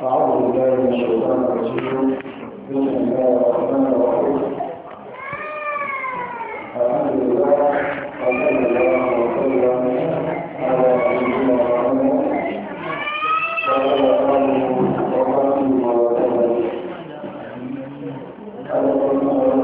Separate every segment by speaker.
Speaker 1: أعوذ بالله من الشيطان الرجيم بسم الله الرحمن الرحيم الحمد لله وصلى الله وسلم على نبينا محمد وعلى آله وصحبه وسلم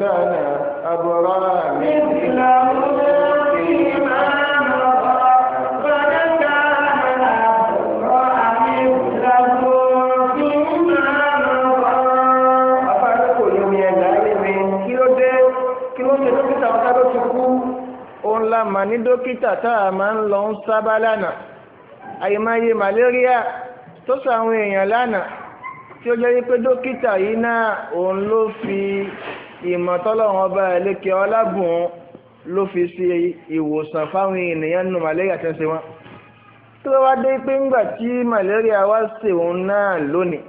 Speaker 2: كان أبرارا مثلهما فيما ńlá mà ní dókítà tá a máa ń lọ ń sábà lánàá àyèmáyé malaria tó sàwọn èèyàn lánàá tí ó jẹ́ wípé dókítà yìí náà òun ló fi ìmọ̀tọ́lọ́wọ́n ọba ẹ̀lẹ́kẹ́ ọlábùn ló fi ṣe ìwòsàn fáwọn ènìyàn nù màlẹ́ríà tẹ́ ṣe wọ́n tó wá dé pé ńgbà tí màlẹ́ríà wá ṣe òun náà lónìí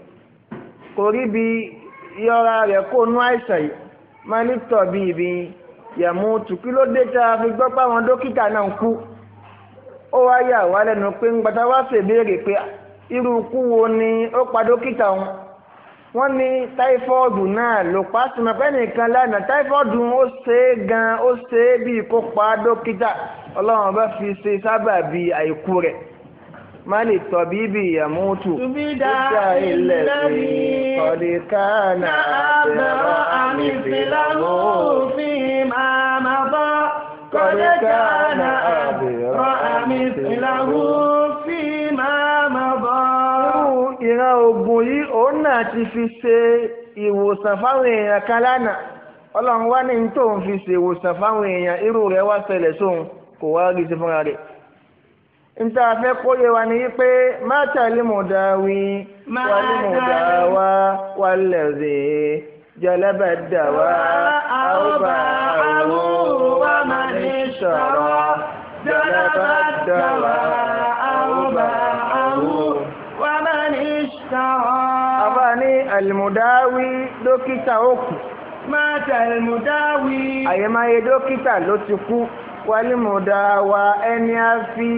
Speaker 2: kò rí bí yọra rẹ̀ kó nú àìsàn yìí máa ní tọ̀ bí ibi yàmú tù kí ló dé tá a fi gbọ́ pé àwọn dókítà náà ń kú ó wá yà wá lẹ́nu pé ńgbà tá a wá ṣèbéèrè pé irú ikú wo ni ó pa dókítà wọn wọ́n ní táífọ́ọ̀dù náà ló pa sí mọ̀ pé nìkan lánàá táífọ́ọ̀dù ó ṣe é gan ó ṣe é bíi kó pa dókítà ọlọ́run bá fi ṣe sábà bíi àìkú rẹ̀ má lè tọ́ bí ibi ìyàmútù dókítà ilẹ̀ sí kọ̀díkà náà àbẹ̀rọ àmì ìfìlànà òfin máa bọ́ kọ̀díkà náà àbẹ̀rọ àmì ìfìlànà oògùn yìí òun náà ti fi ṣe ìwòsàn fáwọn èèyàn kan lánàá ọlọ́run wá ní tóun fi ṣe ìwòsàn fáwọn èèyàn irú rẹ̀ wá ṣẹlẹ̀ sóun kò wá rí sí fúnra rẹ̀ nta fẹ́ kóye wa ni pé má tẹ̀lé mùdáwí wálé mùdáwá wálé rè jẹlẹbẹ dàwá àwùbá àwùwá má ní tàlmùdáwí dókítà ó kù. má tàlmùdáwí. àyèmáyé dókítà ló ti kú wálìmùdáwà ẹni a fi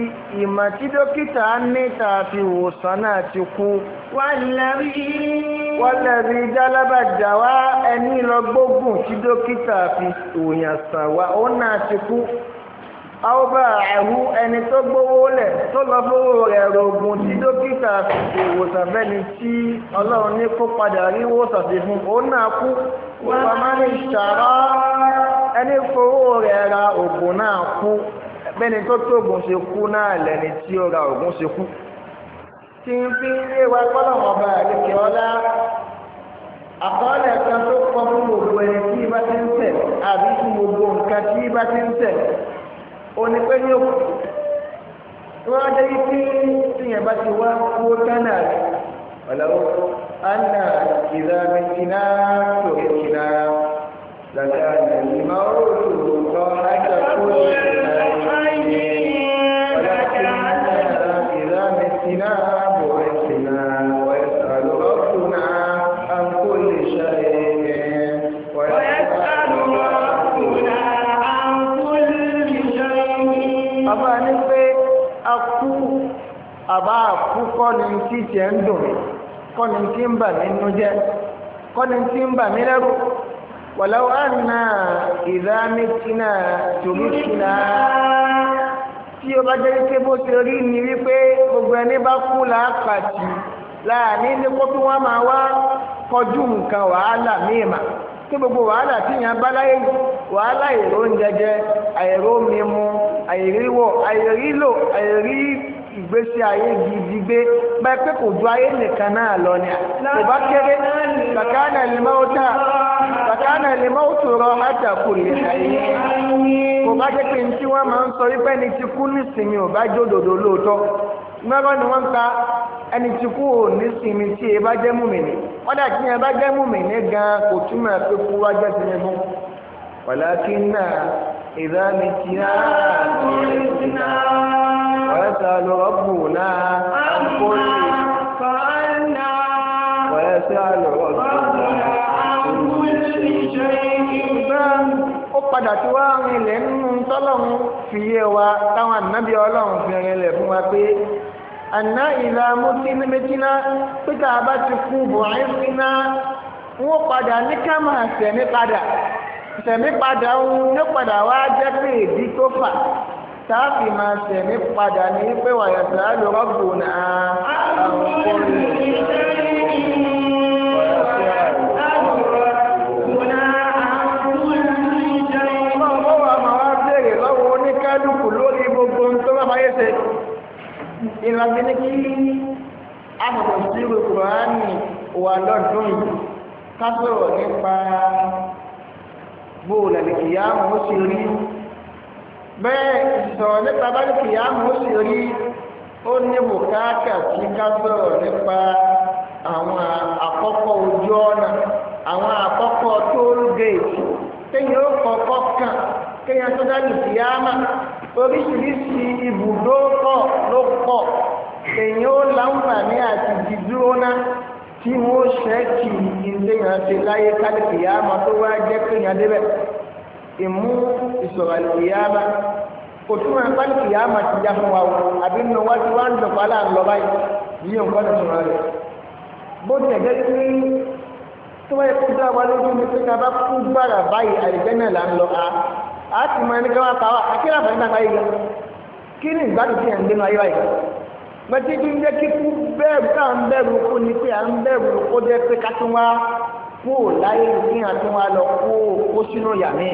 Speaker 2: ìmọ̀ tí dókítà ní tààfi wòsàn náà ti kú. wàlẹ́rí. wàlẹ́rí jálábàjá wa ẹni lọ gbógun tí dókítà fi òyàn sàn wa ó náà ti kú àwọn bá ẹ̀hú ẹni tó gbowó lẹ̀ tó lọ fowó rẹ̀ rògùn tí dókítà fìdí ìwòsàn fẹ́ni tí ọlọ́run ní kó padà rí ìwòsàn sí fún òun náà kú wàmá ní ṣàrá ẹni fowó rẹ̀ ra ògùn náà kú bẹ́ni tó tó ògùn ṣe kú náà lẹ́ni tí ó ra ògùn ṣe kú. tí n fi ilé wa gbọ́dọ̀ wọn bá ọlá àkọọ́lẹ̀ kan tó kọ fún gbogbo ẹni tí ibà ti ń tẹ̀ àbí fún gbogbo nǹkan tí ibà ti ń tẹ̀ òní pé ní òkú wọn á jẹ́ kí tíyẹn bá ti wá kú tánà rẹ̀ ọ̀làwọ́ anna ìlànà ìlànà tó yẹ kìlá làkàlà ìmọ̀ òòlù. kọ́ni tí tiẹ̀ ń dùn mí kọ́ni tí ń bà mí nú jẹ́ kọ́ni tí ń bà mí lẹ́rù wàláwọ́ àná ìdámẹ́tínà tòmítínà tí o bá jẹ́ pé bó ṣe rí ni wípé gbogbo ẹni bá kú làápàtì láàánú ní kó bí máa wá kọjú nǹkan wàhálà míì mà tí gbogbo wàhálà tí yẹn bá láyé wàhálà èrò ń jẹjẹ àìró mímu àìríwọ̀ àìrílò àìrí ìgbésí ayé gidi gbé báyìí pé kò ju ayé nìkan náà lọ ni kò bá kéré kàkánà lèmọ́tà kàkánà lèmọ́tò rọ hàtà kò lè ṣàyè kò bá jẹ́ pé tí wọ́n máa ń sọ wípé ẹni tí kú nísìnyí ò bá jódòdó lóòótọ́ gbọ́dọ̀ ni wọ́n ń ta ẹni tí kú ò nísìnyí tí ẹ bá jẹ́ mùmìnì wọ́n dà kí ẹ bá jẹ́ mùmìnì gan kò túmọ̀ pé kú wá jẹ́ tinubu wàlákínà ìdánitìyà àti ìdánitìyà. ويسأل ربنا عن كل فعلنا ويسأل
Speaker 1: ربنا
Speaker 2: عن كل شيء ó padà tí wá rinlẹ̀ nínú tọ́lọ́run fi yé wa táwọn ànábì ọlọ́run fi rinlẹ̀ fún wa pé àná ìlà mọ́tínú méjìlá pé tá a bá ti kú bọ̀rín síná wọ́n padà ní ká máa sẹ̀mí padà sẹ̀mí padà ń ní padà wá jẹ́ pé èdè tó fà sáàfì máa tẹ̀mí padà ní pé wàyà sàálù rọ́bù náà
Speaker 1: àwọn kọ́ni.
Speaker 2: ìlànà ní kí àbùkù sílùú kùránì wà lọ́dún yìí ká sọ̀rọ̀ nípa bóòlù àlèkìyà àwọn ó ṣe rí bẹ́ẹ̀ ìsọ̀rọ̀ nípa báńkì àmọ́ sì rí ó ní bùkátà tí ká sọ̀rọ̀ nípa àwọn àkọ́kọ́ ojú ọ̀nà àwọn àkọ́kọ́ tóóru géètì ó kọ́kọ́ kàn kéèyàn tó dájú sí àmà oríṣiríṣi ibùdó pọ̀ ló pọ̀ èèyàn ó láǹfààní àti dídúró náà tí wọ́n ṣẹ́ẹ̀kì ìdíyàn ṣe láyé kálífì tó wá jẹ́ kéèyàn débẹ̀. ìmú ìsọ̀rọ̀ àlùkìyàmà kò túmọ̀ nípa àlùkìyàmà ti já fún wa o àbí nínú wá tí wọ́n á ń dọ̀kọ̀ aláàlọ́ báyìí yíyọ nǹkan ìṣòro rẹ̀ bó ti ẹ̀jẹ̀ tí tó wáyé kó dá wa lójú ni pé ká bá kú gbàrà báyìí àlùjẹ́ náà là ń lọ a a ti mọ ẹni ká wá pa wá akíra àbáyé náà kí ni ìgbádùn ti ẹ̀ ń dénú ayé báyìí mẹtí bí ń jẹ́ kíkú bẹ́ẹ̀rù ká ń bẹ̀rù kó ni pé à ń bẹ̀rù kó jẹ́ pé ká tún wá kó láyé kí à tún wá lọ kó kó sínú yàmí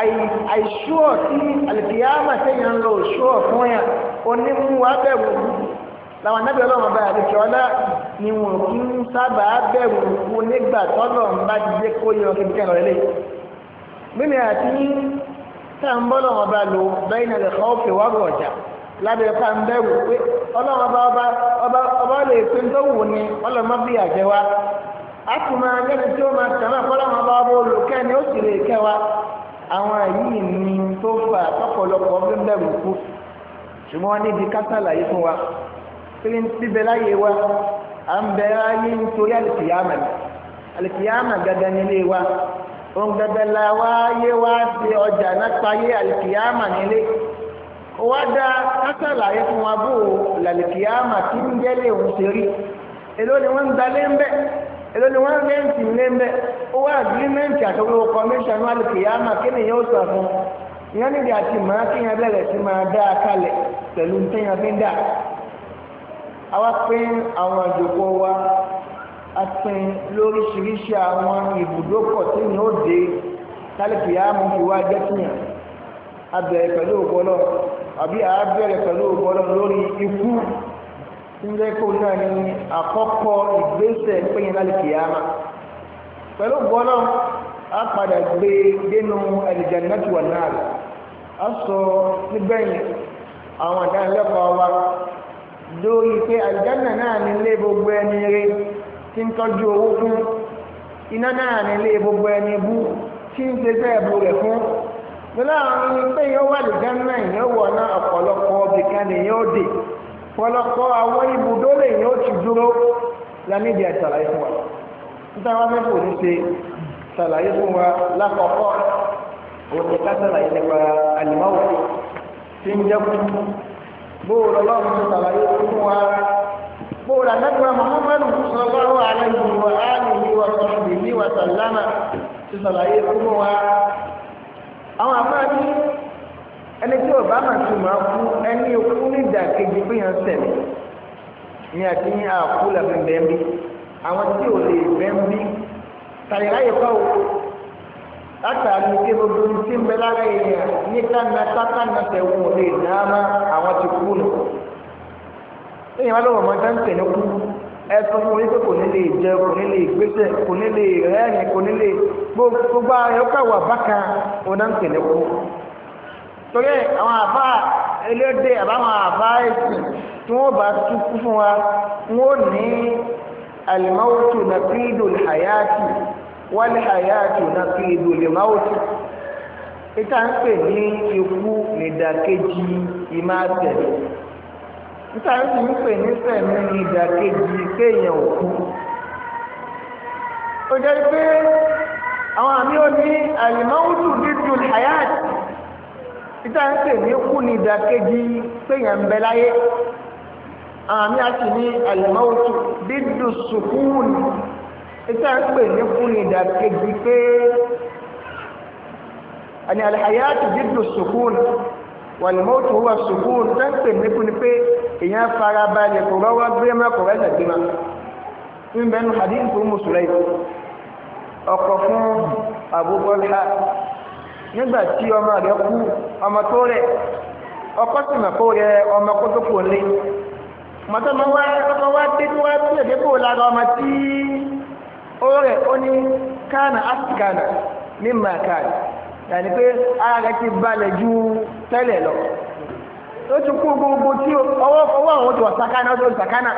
Speaker 2: àìṣúọ̀ tí àlìkìyàmà tẹ̀yàn ń lọ òṣùọ̀ fún yà onímú wa bẹ̀rù làwọn anábì ọlọ́run ọba àdìkẹ́ ọlá ni wọn kì í sábà bẹ̀rù wọn nígbà tọ́lọ̀ ń bá ti dé kó yọ kí bíkẹ́ lọ́lẹ́ mímì àti tá à ń bọ́ lọ́wọ́ ọba lò bẹ́yìn náà lè kọ́ òfè wá bọ̀ ọ̀jà lábẹ́ ká ń bẹ̀rù pé ọlọ́run ọba ọba a tún máa tí ó máa tẹ̀wọ́n ọlọ́run ọba ọba olùkẹ́ni ó sì lè kẹ́ àwọn yìí ni tó fà tọ́pọ̀lọpọ̀ ọdún bẹ̀rù kú ṣùgbọ́n wọn níbi kásálàyé fún wa pélé síbẹ̀ láyé wa à ń bẹ ayé nítorí àlìkìyàmà àlìkìyàmà gẹ́gẹ́ nílé wa òun gẹ́gẹ́ la wá yé wa ṣe ọjà nípa ayé àlìkìyàmà nílé wá dá kásálàyé fún wa bó làlìkìyàmà kí ń jẹ́lé òun ṣe rí èló ni wọ́n ń dalé ń bẹ́ẹ̀ èló ni wọ́n rẹ́ǹtì ní mbẹ́ owó agirimẹ́ǹtì àtọ́wọ́ kọmíṣánná alùpùpù kéde yẹn ó sọ fún ìyẹn níbi àti màá kí yẹn bẹ̀rẹ̀ sí máa dá a kalẹ̀ pẹ̀lú ntẹ́yìn fi ń dà àwa pín àwọn àjòkó wa a pín lóríṣiríṣi àwọn ibùdókọ̀ tí yẹn ó dé tálùpùpù fi wá jẹ́ tìyàn abẹ̀rẹ̀ pẹ̀lú ògbọ́lọ̀ àbí àbẹ̀rẹ̀ pẹ̀lú ògbọ́lọ̀ lórí ikú nílẹ̀ kó náà ní àkọ́kọ́ ìgbésẹ̀ péye lálẹ́ ama pẹ̀lú gbọ́nà a padà gbé dénú àlìjànnátì wà náà rẹ̀ a sọ nígbẹ̀yìn àwọn àdánilẹ́kọ̀ọ́ wa lórí pé àlìjánà náà ní ilé gbogbo ẹni rẹ tí ń tọ́jú owó fún iná náà ní ilé gbogbo ẹni bú tí ń ṣe fẹ́ bu rẹ̀ fún láàrin pé yóò wà àlìjánà yóò wọ̀ náà ọ̀pọ̀lọpọ̀ bìkan pọ̀lọpọ̀ àwọn ibùdó lèyìn ó ti dúró lámìdí àtàlàyé fún wa níta wá fẹ́ kò ní ṣe ṣàlàyé fún wa lákọ̀ọ́kọ́ òun ni ká ṣàlàyé nípa àlìmáwò tí ń jẹ́ kú bóòlù ọlọ́run ti ṣàlàyé fún wa bóòlù anágbèrè muhammadu sallallahu alayhi wa alihi wa sahbihi wa sallama ti ṣàlàyé fún wa àwọn àbáyé ẹni tí ọba máa tún máa kú ẹni okú ní ìdàkejì pé yẹn sẹ̀lẹ̀ ni àti ní àkú làbí bẹ́ẹ̀ bí àwọn tí ò lè bẹ́ẹ̀ bí tàyè láyè kọ́ o látàrí pé gbogbo ohun tí ń bẹ lára èèyàn ní kánà sákànà tẹ̀wọ̀n ò lè dá má àwọn ti kú nù. lẹ́yìn wá lọ́wọ́ máa dáńtẹ̀ ní kú ẹ sọ fún mi pé kò ní lè jẹ kò ní lè gbésẹ̀ kò ní lè rẹ́rìn kò ní lè gbogbo ayọ́kàwà bákan ò náà ń tẹ̀lé kú torí àwọn àbá elédè àbáwọn àbá èsì tí wọ́n bá túkú fún wa wọ́n ní alimawutu na kíndò hayati wálé hayati na kíndò limawutu ìta ń pè ní ikú nìdàkejì ìmáàtẹ̀lẹ̀ níta ń sì ń pè ní sẹ̀mí nìdàkejì kéèyàn òkú ó jẹ́ pé àwọn àmì ò ní alimawutu dídùn hayati títà ń pè ní kú ní ìdàkejì péyàn ń bẹ láyé àmì àti ní àlùmọ́wòtú dídùn sùkúùn títà ń pè ní kú ní ìdàkejì pé àní àlàyáàtì dídùn sùkúùn wàlùmọ́wòtú wà sùkúùn títà ń pè ní kú ní pé èèyàn fara balẹ̀ kò rọ́wọ́ gbé mọ́ kò rẹ́sẹ̀ gbé mọ́ ń bẹnu hadith fún mùsùlùmí ọkọ̀ fún Abu Talha nígbà tí ọmọ rẹ̀ kú ọmọ tó rẹ̀ ọkọ sì mọ̀ kó rẹ̀ ọmọ kó tó kò lé mọ̀tọ́ mọ wá ọkọ wá dé tó wá bí èdè kó lára ọmọ tí ó rẹ̀ ó ní kánà áfíríkánà ní màkàdì yàní pé ara rẹ̀ ti balẹ̀ ju tẹ́lẹ̀ lọ ó ti kú gbogbo tí ọwọ́ ọwọ́ àwọn tó sàkánà ó tó sàkánà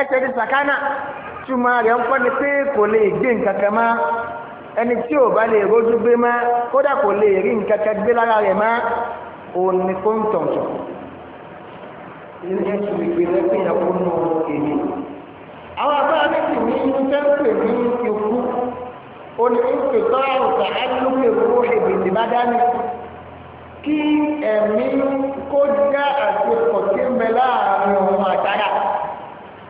Speaker 2: ẹsẹ̀ ti sàkánà túmọ̀ rẹ̀ ń pọ́ni pé kò lè dé nǹkan kan máa ẹni tí ò bá lè rójú gbé má kódà kò lè rí nǹkan kan gbé lára rẹ̀ má òun ni kó ń tọ̀tọ̀. ilé ẹ̀sùn ìpínlẹ̀ pé ìyàwó nù èmi. àwọn abáyá ní sì ní sẹ́ńpè ní ikú ó ní ìpè tọ́lárù tààlùkè owó ìbìdì bá dání. kí ẹ̀mí kó já àsopọ̀ tí ń bẹ láàrin òun àtàrà.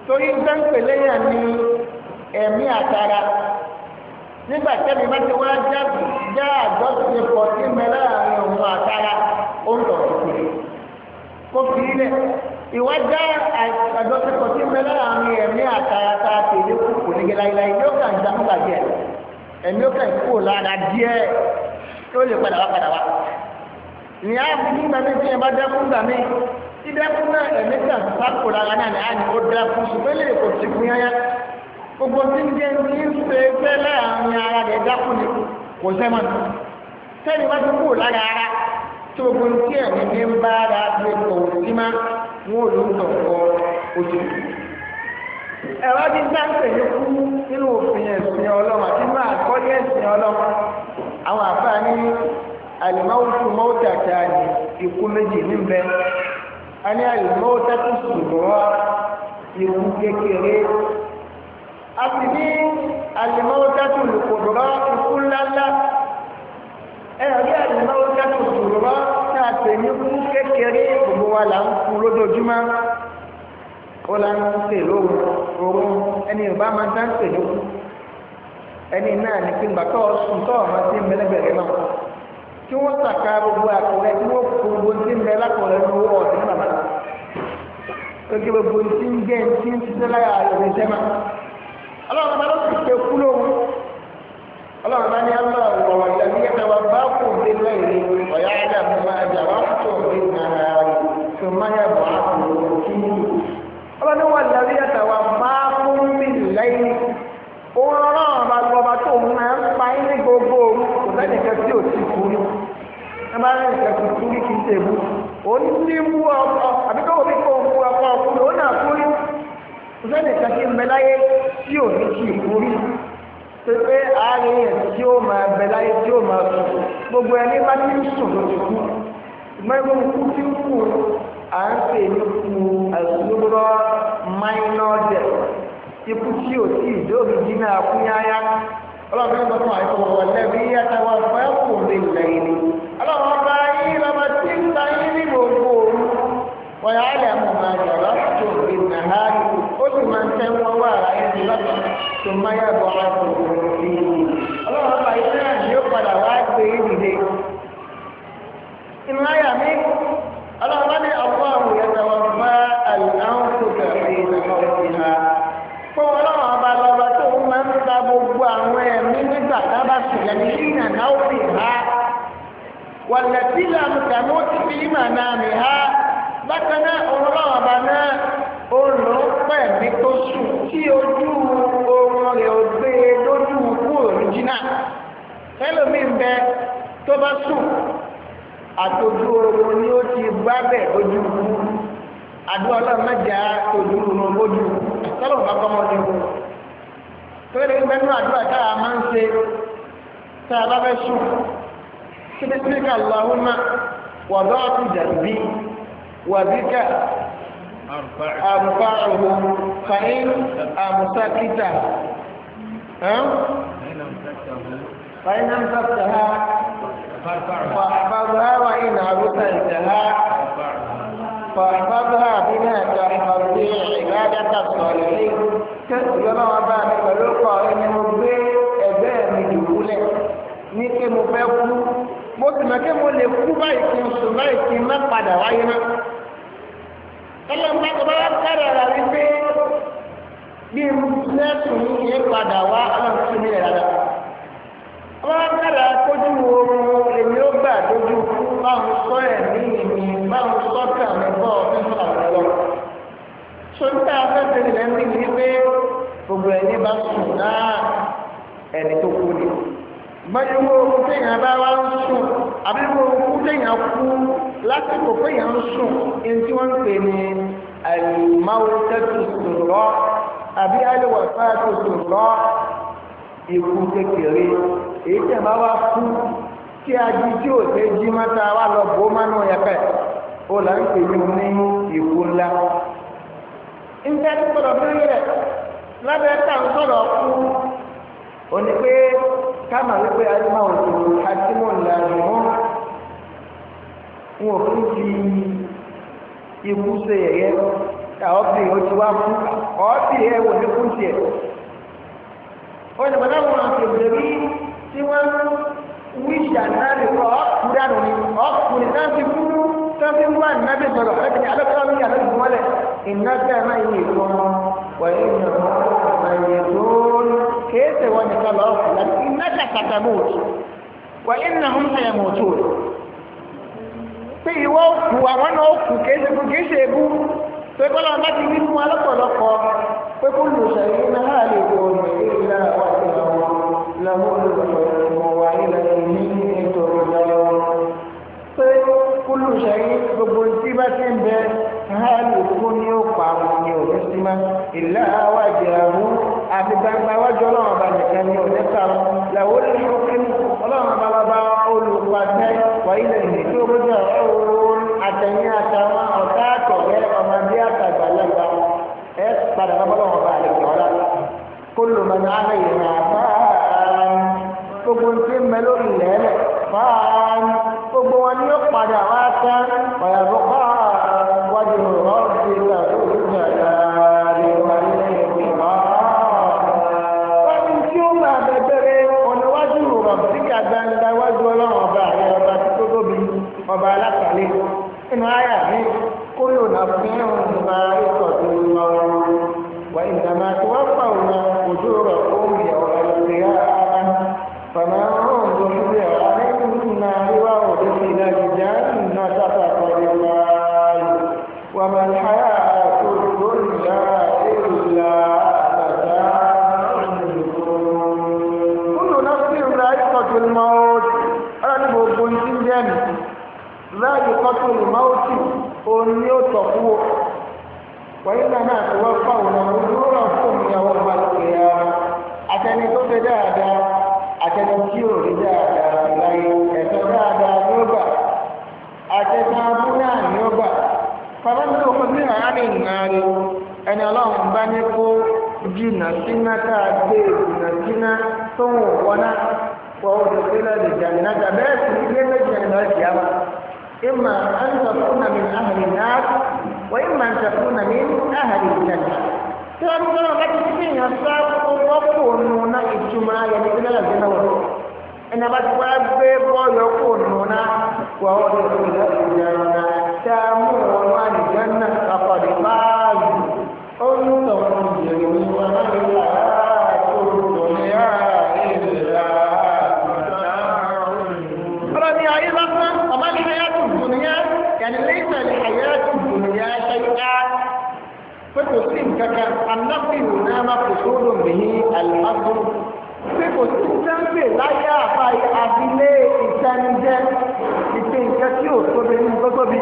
Speaker 2: torí sẹ́ńpè lẹ́yìn ní ẹ̀mí àtàrà nígbà tẹ́mi bá ti wá jáde já àjọṣe pọ̀ sí mi láàrin òun àtara ó ń lọ sí kó fi ilẹ̀ ìwá já àjọṣe pọ̀ sí mi láàrin ẹ̀mí àtara tá a tèlé kú kò ní gé láyéláyé yóò kà ń dá fúnpa díẹ̀ ẹ̀mí ó kà ń kú lára díẹ̀ tó lè padà wá padà wá ní ààbò nígbà mi fi yẹn bá dẹ́kun gbà mí tí dẹ́kun náà ẹ̀mí kà ń sákò lára náà gbogbo tí ń jẹ́ ní ṣe fẹ́ láàrin ara rẹ̀ dákú ni kò sẹ́mọ̀ sẹ́ni bá ti kú lára ara tí gbogbo tí ẹ̀mí ní ń bá ara ti kò sí má wọn ò ló ń tọ̀ kọ oṣù. ẹ̀rọ ti kú nínú òfin ẹ̀sìn ọlọ́mọ àti nínú àkọ́lé ẹ̀sìn ọlọ́mọ àwọn àfáà ní mọ́tà ikú méjì a sì ní àlìmọ́wó dájú olùkòdòrá ikú ńláńlá ẹ̀rọ bí àlìmọ́wó dájú olùkòdòrá tá a pè ní kú kékeré gbogbo wa là ń kú lójoojúmọ́ ó là ń pè lóru oorun ẹni yorùbá máa ń dá ń pè lóru ẹni náà ní pé gbàtọ́ sùn tọ́ ọ̀mọ́ sí mẹlẹ́gbẹ̀rẹ́ náà kí wọ́n sàkà gbogbo àkọlẹ̀ tí wọ́n kó gbogbo tí ń bẹ lákọlẹ̀ ní owó ọ̀sìn bàbá gbogbo tí ń jẹ́ tí ń ṣiṣẹ́ ọlọ́run bá lọ́sì pé kú lóhun ọlọ́run bá ní aláwọ̀ ọ̀rọ̀ ìlànà ìyẹ́ta wa bá kò dé lẹ́yìn ọ̀yá ẹ̀dá mi máa jà wá tó dé nàrà rẹ̀ tó má yà bọ̀ á kò lọ sí ní. ọlọ́run wà lẹ́yìn ìyẹ́ta wa bá kó mi lẹ́yìn òun ọlọ́run gbọ́ bá tó máa ń pa yín ní gbogbo òru kò lẹ́yìn kan tí ò kú ní. ẹ bá lẹ́yìn kan kú ní kí n tẹ̀ mú. òun ti mú ọkọ àbíkọ́ kò sẹ́ni kan tí ń bẹ láyé tí ò ní kí ìkórí pépé àárín ma tí ó máa bẹ láyé tí ó máa sùn gbogbo ẹni bá ti ń sùn ló ti kú ìgbọ́n kú tí ń kú à ń pè ní kú minor death ikú tí ò tí jí náà kú yáyá ọlọ́run àìsàn lẹ́yìn ni ọlọ́run ọba nàhárì ó sì máa ń tẹ́ wọn wá ara ẹni lọ́dọ̀ tó máyà bọ̀ àtò ọlọ́run bá yẹn náà ni ó padà wá gbé e dìde. inú ayà mi ọlọ́run bá ní ọ̀pọ̀ àwọn ìyàtọ̀ fún ọlọ́run ọba lọ́ba tó máa ń ta gbogbo àwọn ẹ̀mí nígbà tá a bá sùn lẹ́ni kí nàná ó fi hà. wàlẹ̀ sílẹ̀ àmì
Speaker 1: bákan náà ọlọ́run ọba náà
Speaker 2: ó lọ pẹ̀ mí tó sùn tí ojú oorun rẹ̀ ò gbé e lójú kúrò ní jìnnà ẹlòmíín bẹ tó bá sùn àtòjú oorun ni ó ti gbá bẹ̀ ojú kú àdúrà ọlọ́run mẹ́jà ojú oorun lójú tọ́lọ̀ bá kọ́ ọmọdé wọn torí ẹni bẹ́ẹ̀ ní àdúrà táyà máa ń ṣe táyà bá fẹ́ sùn síbi síbi kà lọ́hùn náà wọ́n bá wà وبك
Speaker 1: أرفعهم فإن ها؟ فإن أمسكتها فاحفظها وإن أرسلتها فاحفظها بما تحفظ به عبادة الصالحين يلا وبعد فلوقا
Speaker 2: إن مبين أبان دولة نكي مبين mo sì mọ̀ pé mo lè kú báyìí kí n sùn báyìí kí n má padà wáyé mọ́.
Speaker 1: ọlọ́mọba tó bá kára rà rí pé
Speaker 2: bí n lẹ́sùn yìí padà wá ọlọ́run mi rárá. ọlọ́mọba kára kójú oorun èmi ó gbà dojú sọ bọ́ àwọn ń bí mi pé ẹni bá sùn náà ẹni tó kú mọ́júwó ohun téèyàn bá wá ń sùn àbí ohun téèyàn kú lásìkò péèyàn ń sùn ẹni tí wọ́n ń pè ní àìmáwó tẹ́tù sùnrọ́ àbí àìlèwọ̀fà tó sùnrọ́ ikú kékeré èyí tẹ̀ bá wá kú tí a jí tí ò tẹ́ jí mọ́ta wá lọ bó mánú yẹpẹ̀ ó là ń pè ní ní ikú ńlá. ń tẹ́ tí gbọ́dọ̀ bí rẹ̀ lábẹ́ tá à ń sọ̀rọ̀ kú òní pé káàmà wípé alima òtòrò àtìmọ̀ ìlànà mọ́ wọn kò fi ikú ṣe yẹ̀yẹ́ ọ̀bìnrin ó ti wá fún ọ̀bìnrin ẹ̀wọ̀n ní kún tiẹ̀ olùbọ̀dá wọn àfẹ̀bẹ̀ rí tí wọ́n wíṣà náà lè kọ́ ọ̀kúrẹ́nu ni ọ̀kùnrin náà ti kú tó fi wá nábì sọ̀rọ̀ ẹ̀kìnrin alẹ́kọ̀ọ́ mi yà lọ́dún mọ́lẹ̀ ìnáfẹ́ máa yẹ ìfọ́n wọ̀nyí ìnáwó máa yẹ صلى الله عليه إنك ستموت وإنهم سيموتون pé ìwọ òkú àwọn náà òkú kéṣe kú kéṣe ebú pé kọ́lá ọba ti wí fún alọ́pọ̀lọpọ̀ pé kó lù sẹ́yìn náà á lè wọ ọ̀nà èyí náà wà sí àwọn làwọn olùsọ̀rọ̀ wà nílẹ̀ ní nítorí ìdáyọ̀ pé kó lù sẹ́yìn gbogbo tí bá ti ń bẹ á lè kó ní ó pa àwọn ní òun sí má ìlà wàjẹ́ àwọn. àti gbangba wájú ọlọ́run ọba nìkan ni o òní sàrọ̀ lẹ́wọ́ lè ṣókè ọlọ́run ọba bàbá olùpàtẹ wàyí lè ní tí ó gbọ́dọ̀ ni àtọ̀rẹ́ ọmọdé àtàgbàlagbà ẹ padà bàbá ọlọ́run ọba àlejò ọ̀la kólú mọ̀nà àlẹ́ ìrìn àbá gbogbo ń ti mẹ́lò ìlẹ́lẹ̀
Speaker 1: fáán
Speaker 2: gbogbo wọn ni ó padà wá tán ọ̀yàbọ̀ inú àyà mi kó lò náà fi hàn nípa ìtọ́jú wọn wà ìdàmà tí wọ́n fà wọn ojú rọ̀ záàdì kọ́tù lùmáwùtì òun ni ó tọ̀ fún o wọ́n yín náà tó wọ́n fà wọ́n náà ló rà fún ìyàwó balùwẹ̀ ya àtẹni tó fẹ́ dáadáa àtẹni tí ò rí dáadáa láyé ẹ̀tọ́ dáadáa ní ó gbà àtẹni abú náà ní ó gbà bàbá mi ò fún mi rà á lè nà ẹni ọlọ́run bá ní kó jìnnà síná tá a gbé jìnnà síná tó ń wọ̀ wọ́n náà wọ́n ò lè fi lọ́ọ́ jà
Speaker 1: إما أن تكون من أهل النار وإما أن تكون من أهل الجنة
Speaker 2: تأمل ما تسمعه صار وقول نونا إجتماع يعني إلى الجنة إن بعد قلب يقول نونا وهو في الجنة تأمل ما الجنة أقرب أن تكون جميعا لله
Speaker 1: pé kò sí nǹkan kan anáfì wò náà má kò sódò mìíní àlùmágbó pé kò
Speaker 2: sí sẹ́ńpè láyé àfa abilé ìtẹnijẹ ìpè nǹkan tí ò tóbi ní gbogbobi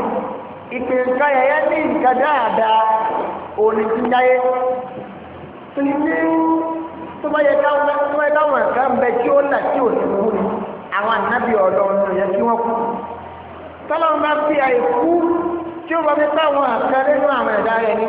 Speaker 2: ìpè nǹkan yẹyẹ ní nǹkan dáadáa òní ti dáyé tó ní pé tó bá yẹ káwọn tó bá yẹ káwọn ẹ̀ka ń bẹ tí ó là tí ò ní wú ni àwọn ànábì ọ̀dọ́ ọ̀nà yẹ kí wọ́n kú tọ́lọ́mọba fi àìkú tí ó bá fi táwọn àkẹ́rẹ́ nínú àwọn ẹ̀dá rẹ̀ ní.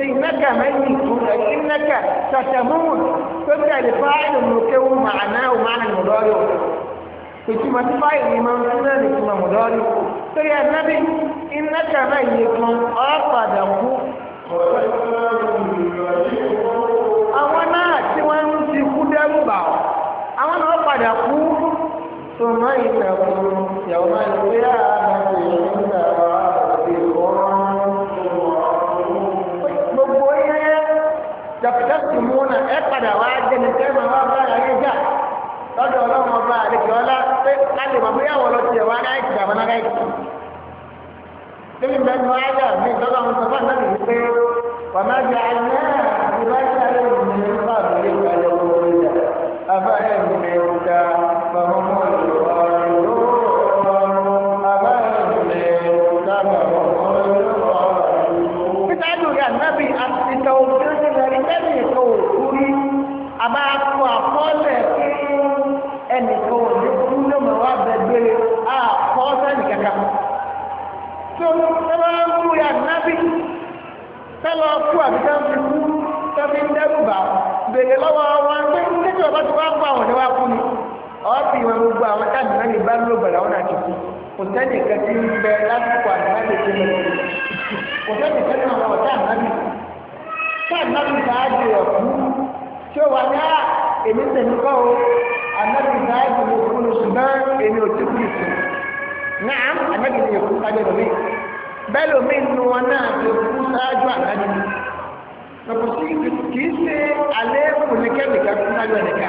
Speaker 2: إنك ميت إنك ستموت تبقى لفاعل مكون معناه معنى المضارع ìtumọ̀ tí fáìlì yìí máa ń tún náà nìtumọ̀ mọ̀dọ́rí torí ẹ̀nẹ́bí iná kàmá yìí kan ọ̀pàdà kú. àwọn náà tí wọ́n ń ti kú dẹ́rù bà ọ́ àwọn náà padà kú tó máa ń tẹ̀kùn ìyàwó máa ń gbé àgbà tó yẹ nígbà wọn. tọkítọ́sì múnà ẹ padà wá jẹni tẹ́ máa wá bá yàrá ìjà lọ́dọ̀ ọlọ́run ọba àlejò ọlá pé a lè mọ̀ bóyá wọ́n lọ tiẹ̀ wá náà ìjà wọn náà ìjà.
Speaker 1: Níbi mẹ́nu ayé mi lọ́dọ̀ àwọn sọ́kàn náà lè pé wà má jẹ àná ìbáṣà lè mú ní bàbá ìgbàlẹ̀ owó
Speaker 2: ìjà. àbá kó àkọọ́lẹ̀ ẹnìkan ò ní kú lọ́mọ wa bẹ̀gbẹ̀rẹ̀
Speaker 1: àkọọ́lẹ̀ nìkankan.
Speaker 2: tó ya nábì kú ń fi kú ń dẹ́rù bá lọ́wọ́ wọn tí ó wà ní à èmi tẹ̀mí kọ́ o anábì náà ìlú òkúlù ṣùgbọ́n èmi ò tí kú ìsì náà anábì ní èkú sáájú ẹ̀lòmí bẹ́ẹ̀ lómi nu wọn náà ti kú sáájú ànájú lọ́pọ̀ sí kì í ṣe alẹ́ kò ní kẹ́mìkà kú sáájú ẹ̀nìkà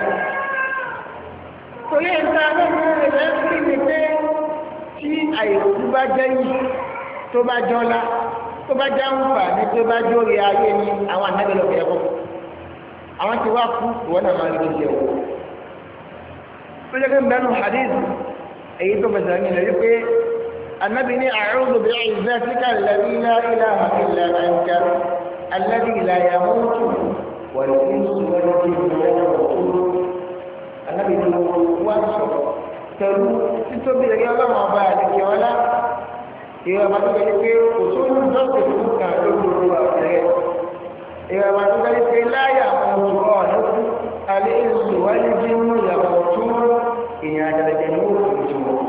Speaker 2: torí ẹ̀ka lọ́wọ́ rẹ̀ lẹ́sìn ní pé tí àìkú bá jẹ́ yìí tó bá jọ́lá tó bá jẹ́ àǹfààní tó bá jórí ayé ni àwọn ànábì lọ́kọ̀ ẹ̀kọ́ àwọn ti wá kú ìwọ náà máa rí jẹ o ó jẹ́ kí n bẹnu hadith èyí tó fẹsẹ̀ ní ìlẹ̀ wípé anabi ní a'udhu bi'izzatika alladhi la ilaha illa anta alladhi la yamutu wal insu wal jinnu anabi ní wá sọ̀rọ̀ pẹ̀lú títóbi ẹ̀gẹ́ ọlọ́mọ ọba àdìkẹ́ ọlá ìwà àbájọ́ pé kò sóhun dọ́sẹ̀ fún kan ìrẹ̀wà tó fẹ́ ṣe láyà ọ̀rọ̀ ọ̀rọ̀ alẹ́ ìlú wáyé jí mú ìyàwó tó ìyẹn àjàlẹ̀jẹ̀ ní òkú tó wọ́n.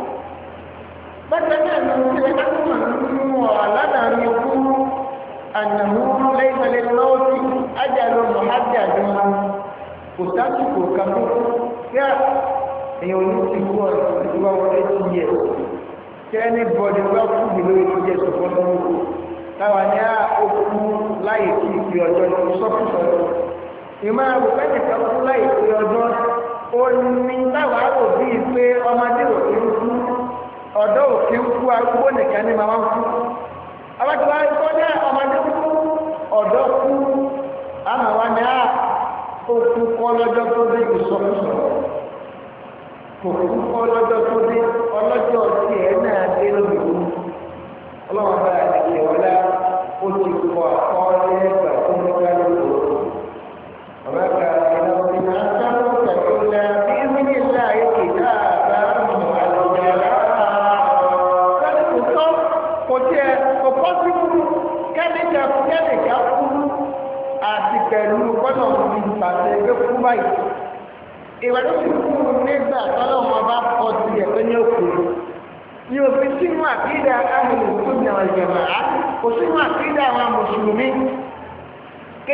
Speaker 2: bákan náà ló ń ṣe ánúmọ̀ nínú ọ̀lànà mi kú ànàmú lẹ́yìnlẹ́ lọ́wọ́sí ájàlọ́ mọ̀hájàdé kò sásìkò kan tó yá èèyàn ní ti kú ọ̀rọ̀ ìdíwáwọ́ ẹ̀ ti yẹ kẹ́ni bọ̀dì bá kú ìlú ìtújẹ́ sọ̀kọ́ lọ́wọ́ táwa ní á okú láyè kí ìpè ọjọ́ ní sọ́kùsọ ìmọ̀ àbùkẹ́ nìkan kú láyè pé ọjọ́ ó ní táwa rò bíi pé ọmọdé ò kí ń kú ọ̀dọ́ ò kí ń kú arúgbó nìkan ní màmá ń kú àwọn tí kọ́ ní ọmọdé kú ọ̀dọ́ kú àmọ́ wa ní á okú kọ́ lọ́jọ́ tó dé ìsọkùsọ kò kú kọ́ lọ́jọ́ tó dé ọlọ́jọ́ tiẹ̀ náà dé lóbi kú ọlọ́wọ́n olùkọ́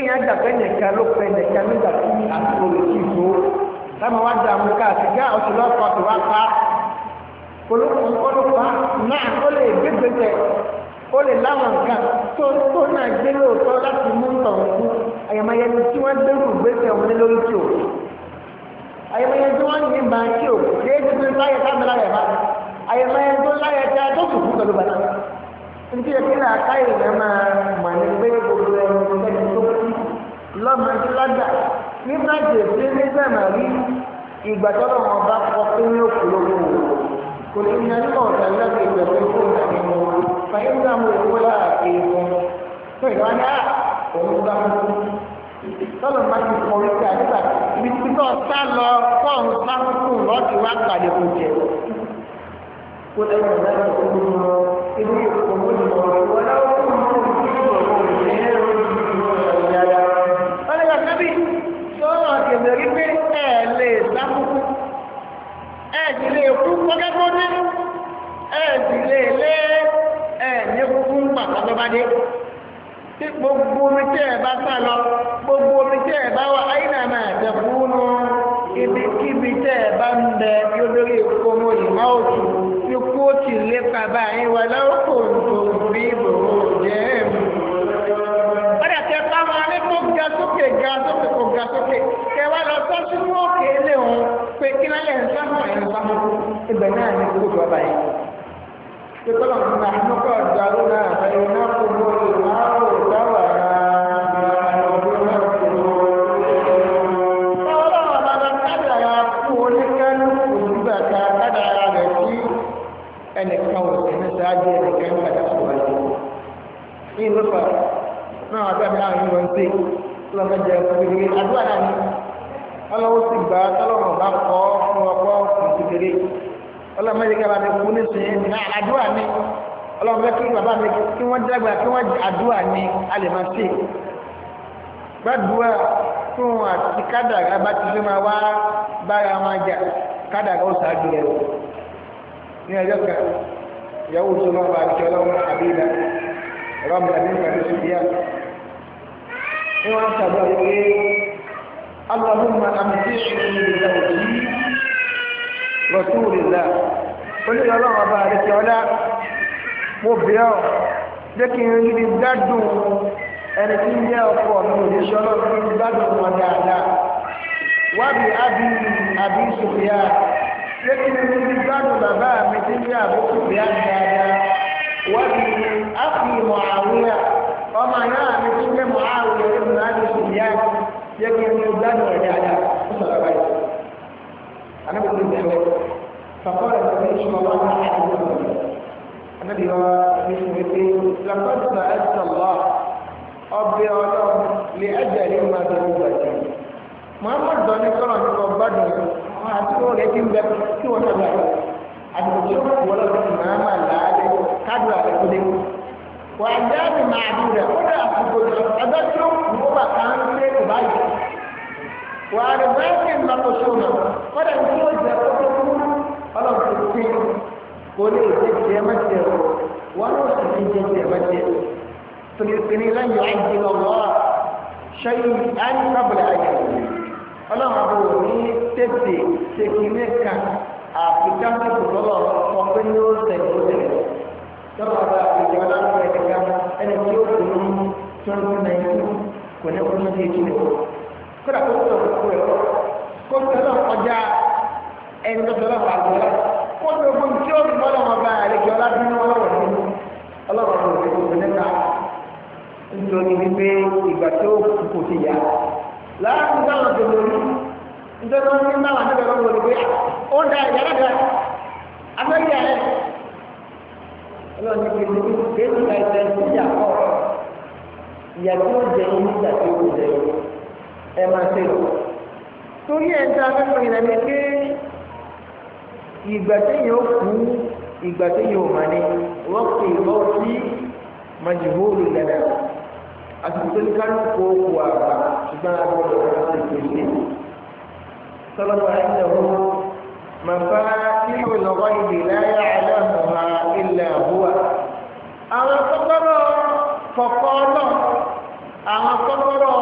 Speaker 2: kéèyàn dàgbẹ́ nìkan ló pẹ́ nìkan nígbà tí àtúntò lè ti tó táwọn wá dà mú káàkiri gá ọ̀sùn lọ́pàá tó wá pa olùkọ́lùpàá náà ó lè gbégbé tẹ̀ ó lè láwọn nǹkan tó tó náà gbé lóòótọ́ láti mú tọ̀hún fún àyàmáyé ni tí wọ́n gbérù gbèsè ọ̀hún ní lórí tí o àyàmáyé tí wọ́n yìí máa tí o kéé ti láyé sábẹ́ láyé bá àyàmáyé tó láyé tí a tó kù fún pẹ̀lú bàtà nítorí kí náà káyè náà máa mà ní gbé gbogbo ẹni lọ́mọdé lọ́jà nígbà tètè nígbà màrí ìgbà tọ́lọ̀ wọn bá kọ pé ní òkú lówó kò sí ní ẹni kan ọ̀sán lọ́gbà ìgbà tó kó ìdàgbé wọn fàyè ń gbàmú òkú lára èèwọ̀n tó ìlú wọn á òun gbà mú
Speaker 1: tọ́lọ̀ máa ti kọ wípé àdúgbà ibi tí tó sá lọ fọ́ọ̀n sáfùkùn lọ́ọ̀dì wá pàdé kò jẹ kó
Speaker 2: lẹ́yìn ọ̀dà
Speaker 1: ẹ̀ẹ́dì lè kú kọ́kẹ́kọ́ dé ẹ̀ẹ́dì lè lé ẹ̀ẹ́dì kúkú pàtàkọ́bá dé tí gbogbo omi tí ẹ̀ bá sá lọ gbogbo omi tí ẹ̀ bá wà áyínà máa tẹ̀ fúnú
Speaker 2: ibikíbi tí ẹ̀ bá ń bẹ yóò lórí ìfowó ìmọ̀ òtù ikú ó ti lépa báyìí wà lọ́wọ́ kò tó bí ìbò jẹ́ ẹ̀mú ọ̀dà tẹ fáwọn alẹ́ kó ga sókè ga sókè kó ga sókè kẹwàá lọ sọ́sùn mọ́ pé kí wọ́n lè ń sáfà ẹni bá ibẹ̀ náà ní kó jọ báyìí.
Speaker 1: pípẹ́ lọ́nà nígbà mọ́kọ́ ọ̀dọ́ àlọ́ náà àtàlẹ́ náà kó bọ́ ìlú àárò dáwà náà.
Speaker 2: ẹnìkan ò sí ada. sáájú ẹnìkan ń padà sọ wájú. ní ìlú pa náà àgbà mi àwọn yìí wọ́n ń pè lọ́mọdé ọkùnrin àdúrà náà ní ọlọ́wọ́ sì gbà tọ́lọ́mọ bá kọ́ fún ọgbọ́ kékeré ọlọ́mọ yìí kábàá mi kú nísìnyí ní àdúrà mi ọlọ́mọ bẹ́ẹ̀ kí bàbá mi kí wọ́n dàgbà kí wọ́n àdúrà mi a lè máa ṣe gbàdúrà fún àti kádàgà bá ti fi máa wá bára wọn jà kádàgà ó ṣáájú rẹ ní ẹjọ́ kan ìyàwó tó lọ́wọ́ bá àti ọlọ́wọ́ àbí ìdá nípa ní sùdíà ní wọ́n ń اللهم أمتعني بزوجي رسول الله قل يا الله بارك على مبيع لكن يريد الدادو ẹni tí ń yẹ ọkọ mi ò lè ṣe ọlọ́run ní gbádùn wọn dáadáa wá bí abi àbí sùfìà lẹ́kìn ní ní gbádùn bàbá mi tí ń yẹ àbí sùfìà dáadáa wá bí àfi mọ̀ àwíyà ọmọ náà mi tí ń yẹ mọ̀ àwíyà lẹ́kìn ní àbí sùfìà dáadáa yẹ kí ẹni gbádùn rẹ̀ dáadáa ó sọ̀rọ̀ báyìí. Anábì tó ti wẹ̀ fàkọ́ rẹ̀ tó ti sọ wọn ní àdúgbò rẹ̀. Anábì wa ní sọ wípé làkọ́sà ẹ̀sán lọ ọbẹ̀ ọlọ́run lè ẹ̀jẹ̀ ní ma tó ń gbàjẹ́. Muhammad dọ̀ ní kọ́nà ní kọ́ gbádùn wọn àti wọn rẹ̀ ti ń bẹ kí wọ́n náà gbàgbọ́. Àdìgbò tí ó wọ́n lọ́dún wà á dáàbò máa dùn rẹ̀ ó dà àsìkò jọ ẹgbẹ́ tí ó kù ó bà ká ń lé kò báyìí wà á rẹ̀ bẹ́ẹ̀ kí n bá kó so nà ó dà tí ó jẹ kó tó kú ọlọ́run ti pín kó lè jẹ tiẹ̀ má tiẹ̀ o wọn ò sì fi jẹ tiẹ̀ má tiẹ̀ tòlìpìnrin lẹ́yìn àìjì lọ́wọ́ ṣẹ́yìn á ní kábìlì ọlọ́run àbúrò ní tètè ṣèkìlẹ̀ lọ́wọ́ àgbà àgbèjọ aláwọ̀ ẹ̀dẹ̀gá ẹni tí ó kù ní twenty nineteen kò ní kú ní ti kí ni o kódà kó tó ọ̀rọ̀ kó ẹ̀rọ kó tó náà kọjá ẹni tó tó lọ́wọ́ àgbẹ̀lá kó tó ogun tí ó mú ọlọ́wọ́ bá àgbèjọ alábínú ọlọ́wọ́ nínú ọlọ́wọ́ kò tó kò níta nítorí wípé ìgbà tó kò ti yá láàrín táwọn tó lórí nítorí wọn ní báwọn àdébẹ̀rẹ̀ wọn lórí pé ó ń ìyá ọlọ́run ní kí ní kéèkì ká ìta ẹ̀sìn ìyá kọ́ ìyá tí ó jẹ yín nígbà tí ó jẹ yín ẹ máa ṣe o. torí ẹ̀ ń ta akẹ́kọ̀ọ́ yìí lẹ́nu pé ìgbà tí yóò kú ìgbà tí yóò mà ní wọ́n pè wọ́n sí màjìmóòlù lẹ́nà àsìkò tó ní kálukú kó àgbà ṣùgbọ́n agbọ́dọ̀ wọn ti pè é. sọlọ́mọ ẹ̀ ń lọ́wọ́ màfá tí ìwé lọ́wọ́ ìdè láyé àlẹ́ àmọ́ ha àbúwà àwọn kọ́kọ́rọ́ kọ̀kọ́ náà àwọn kọ́kọ́rọ́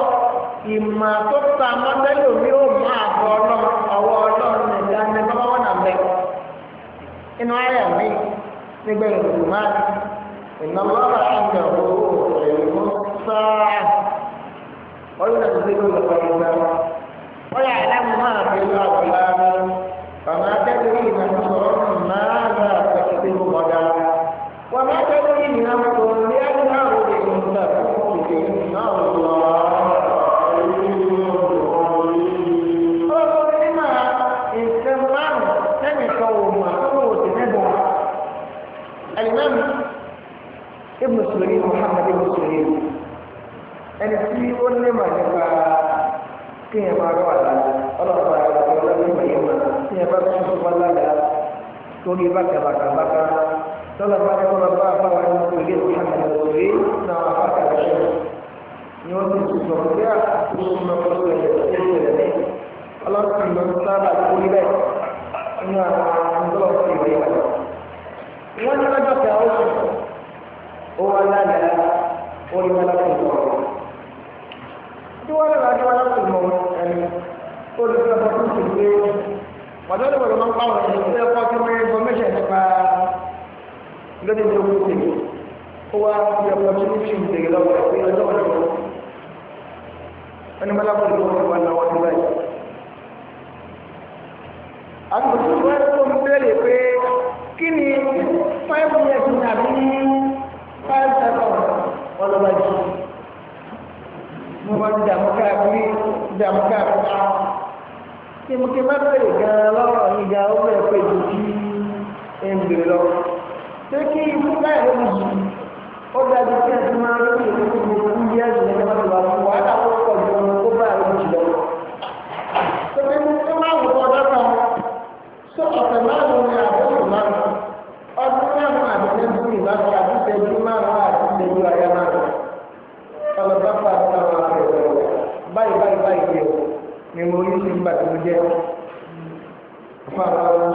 Speaker 2: ìmọ̀ tó ta mọ́tẹ́lẹ̀ mi ò mọ àbọ̀ ọlọ́run ọwọ́ ọlọ́run nìyá ni bàbá wọn nà bẹ́ẹ̀ inú ayà mi nígbà ìlú máa ìnáwó àgbà owó ìlú sáà ọyún náà ti lè lọ ìgbà ọyà ẹlẹ́mu máa fi lọ àbọ̀lá mi bàbá akẹ́kọ̀ọ́ yìí náà sọ̀rọ̀ máa lọ. ní mà nípa kéèyàn máa rọ àlá ọlọ́pàá àti ọlọ́pàá yìí mà kéèyàn bá tún fún wọn lága lórí bàtàbàtà bàtà lọ́la bá ní kọ́lá bá bá wà nínú ilé ìwòsàn ìwòsàn náà wà bá kàlẹ́ ṣe ni wọ́n ti tún sọ pé àtúntò máa kọ́ lórí ẹ̀jẹ̀ tó rẹ̀ ní ọlọ́pàá ló ń sábà kórìí bẹ́ẹ̀ nínú àwọn ọlọ́pàá ìwé ìbàdàn. wọ́n ní lọ́jọ́ kẹ́ àwọn tí wọ́n lọ́la ní wọ́n lọ́la mọ̀ ẹni ó lè fẹ́ fọ́tún sí pé ọ̀dọ́ ló wọ̀lọ́ máa ń pàwọn ẹni tó yẹ kọ́ tí wọ́n yẹ information nípa lónìí tó kú tèmi ó wá fi ọ̀pọ̀ tí ó fi tèmi lọ́wọ́ ẹ̀ pé ọjọ́ lọ́wọ́ ẹni mọ́lá bọ́ọ̀lù wọn wà lọ́wọ́ tó báyìí. tó ń bẹ̀rẹ̀ pé kí ni five years ní àbí five thousand ọlọ́wọ́ wá ń dààmú káàkiri dààmú káàkiri àwọn tí mo kí n bá bẹ̀rẹ̀ gan-an lọ́rọ̀ yìí gan ó bẹ̀rẹ̀ pé ju kí n bèrè lọ. ṣé kí ikú báyìí ló ń yí ó dájú kí ẹ ti máa ń rí ìlú gbogbo kú yẹ́sùn ní ẹ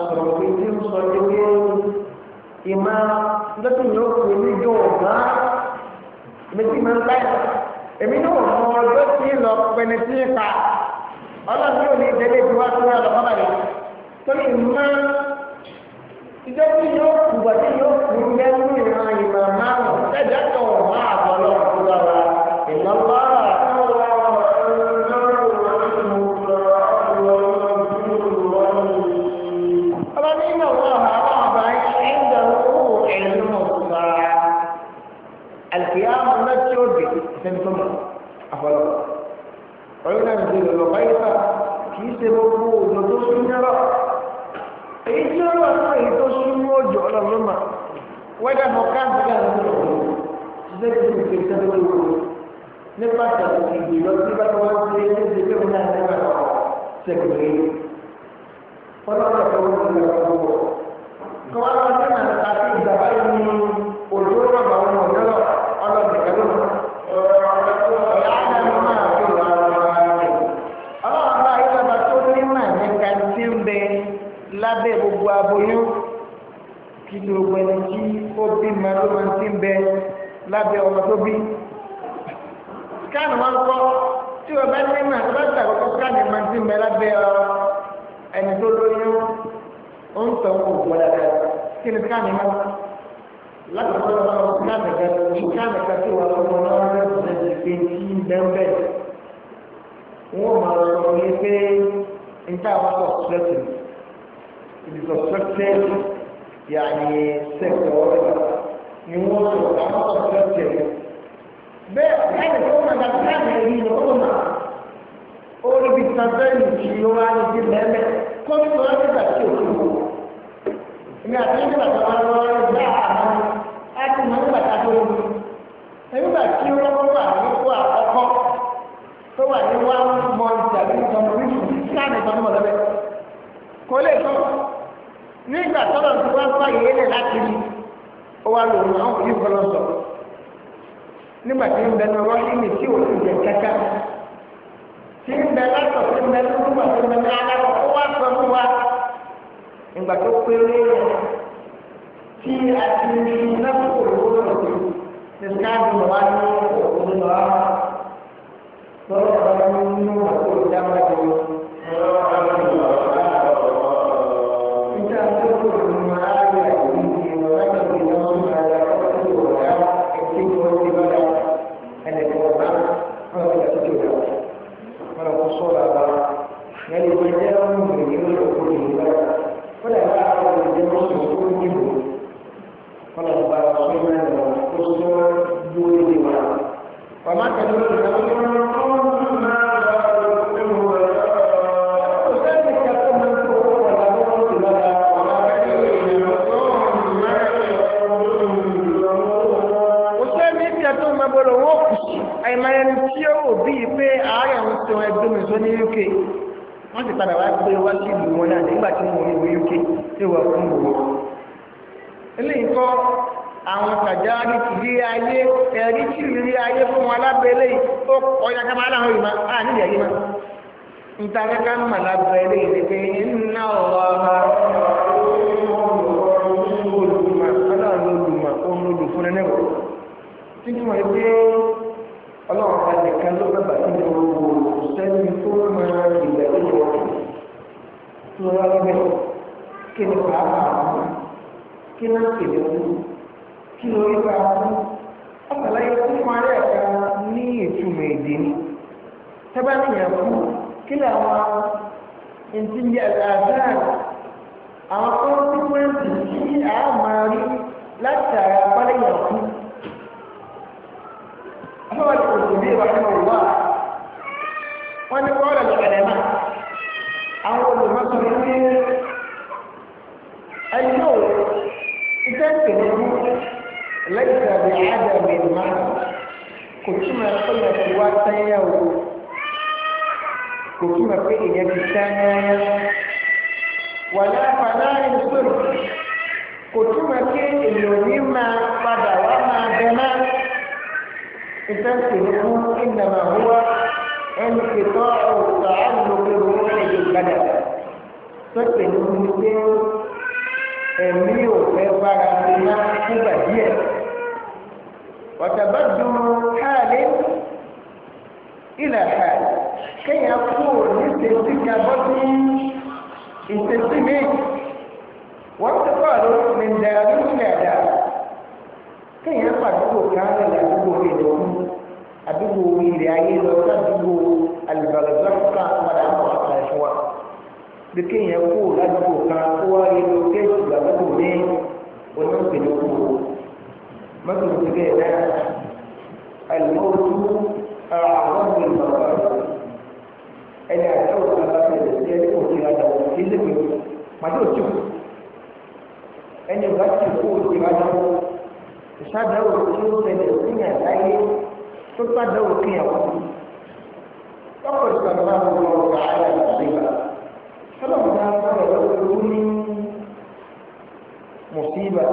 Speaker 2: sọ̀rọ̀ pé tí ń sọ ní pé ìmá lọ́sìn yóò pè ní yóòbá méjì máa ń báyìí èmi ní òun mọ ọjọ́ tí ń lọ pẹ̀lú tí ń pa ọlọ́run yóò ní ìdẹ́lẹ́ tí wàá tún lọ bábà yìí torí ìmá ìjọ tí yóò kù wà tí yóò kù lẹ́nu ìran ìmọ̀ márùn-ún ẹ̀jẹ̀ kan wà á lọ́wọ́ àfọlọ́pọ̀ ọ̀yọ́ náà ti lọ lọ́pàá ìfà kì í ṣe gbogbo òjò tó sún yára èyí tí ó wà fún èyí tó sún ní òjò ọlọ́run mà wẹ́dà mọ káàdì káàdì lọ́wọ́ ṣiṣẹ́ kí ló ṣe sẹ́dọ̀ lóko nípa tàbí ìgbìlọ́sí bá tó sí ẹni tó ṣe pé òun tó ní uk wọ́n sì padà wá pé wá sí ìlú wọn náà nígbà tí wọ́n wọ uk tí wọ́n fún wọn. eléyìí kọ́ àwọn kàjá ní kìlí ayé ẹ̀rí tí ìrírí ayé fún wọn lábẹ́lẹ́ yìí ó kọ́ ya kábàá láwọn yìí máa à nílẹ̀ yìí máa. nta kẹ́kẹ́ ń mọ̀ lábẹ́lẹ́ yìí pé iná ọ̀la olùmọ̀ ọlọ́run olùmọ̀ olùfúnni náà. títí wọ́n yìí pé ọlọ́run bá nìkan ló bàbà nínú owó sẹ́ni tó máa ìgbà tó yọ ọ́ tó wá lọ́bẹ̀ kí ni pàápàá fún un kí ni kéde kí ni orí bá fún un ọ̀sàlàyé tó fún ará ẹ̀ka ní ìtumọ̀ èdè ni tẹ́bá nìyẹn fún kí ni àwọn ẹ̀ǹtí ní àdáà àwọn kọ́ńtíwẹ́ǹtì tí a máa rí látara pálẹ̀yà fún un. هو القرطبي
Speaker 1: رحمه الله
Speaker 2: ونقول العلماء أول مصري النور إذا ليس بعدم المعنى ما قلنا كل الوقت يوم كنت ما قلنا في الثانية wàlá fanáyé sórí kò túmọ̀ kí èlò ní máa padà wá máa bẹ التنسيق إنما هو انقطاع التعلق الروحي بالبدن sọ́pẹ̀ ní omi pé ẹ̀mí ò fẹ́ bára mi má fúgbà díẹ̀. Ọ̀tàbá dùn káàlẹ́ ìlà káàlẹ́ kéèyàn kú nítorí ká bọ́ sí ìṣesí mi. Wọ́n ti kọ́ ló ní dàrú ìlà dàrú kéèyàn pàdúgbò kan lè làdúgbò rẹ̀ lọ fún àdúgbò ilẹ̀ ayé lọ sádùgbò alùbàlùbàlùbà padà ń bọ̀ àkàrà fún wa bí kéèyàn kú ládùgbò kan kó wá yẹ lọ kéèyàn làdúgbò ní onípele kú mọ́tò ti bẹ́ẹ̀ náà àlùmọ́tò àwọn ìgbàgbọ́ ẹni àti ọ̀rọ̀ alábẹ́rẹ́ sí ẹni kò ti rádà sí ilé ìwé pàdé òtún ẹni ìgbà tí kò ti rádà ìṣàdáwò tí ó tẹ̀lé síyàn láyé tó sàdáwò kíyàn kú. Lọ́pọ̀ ìṣàdáwò máa ń lọ ọ̀gá ayé àgbàlagbà. Sọ́dọ̀ máa ń sọ̀rọ̀ lọ́wọ́ ìlú ní mùsíbà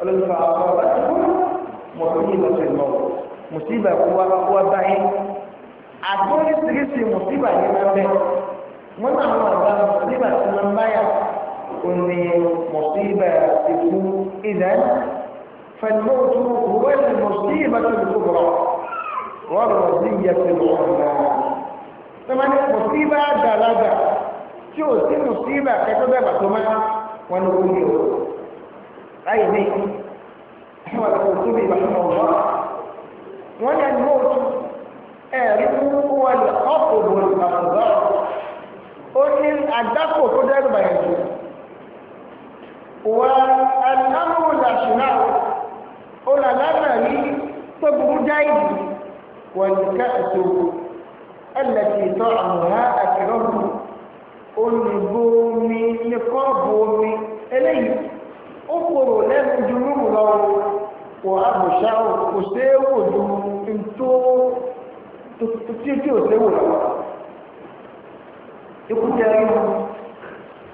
Speaker 2: ọlọ́dún àwọn ọba tó kú mùsíbà tó lọ. Mùsíbà kú wá wá báyìí. Àgbọ̀nrín ṣiríṣi mùsíbà ní máa bẹ̀. Wọ́n náà wọ̀ ọ̀gá mùsíbà tó máa ń báyà. Ó ní mùsíbà ikú ìdáná. فالموت هو المصيبة الكبرى والرزية العظمى طبعا مصيبة دلدة شو سي مصيبة كتبة بطمة ونقول أي مين أحمد القرطبي رحمه الله ولا الموت أعرفه هو الخطب الأخضر قل أدقه كده بيجي والأمر لا شنعه ó là lánàá rí tó burú dáìdì wọ̀nyíká ètò ẹlẹ́tì ìtọ́ àmúhá àkìrọ́bù olùbó omi ní kọ́ọ̀bù omi eléyìí ó kúrò lẹ́nu dúró lọ wọ àbùṣá kò séwò ju ntó tí tí ò séwò lọ ikú jẹ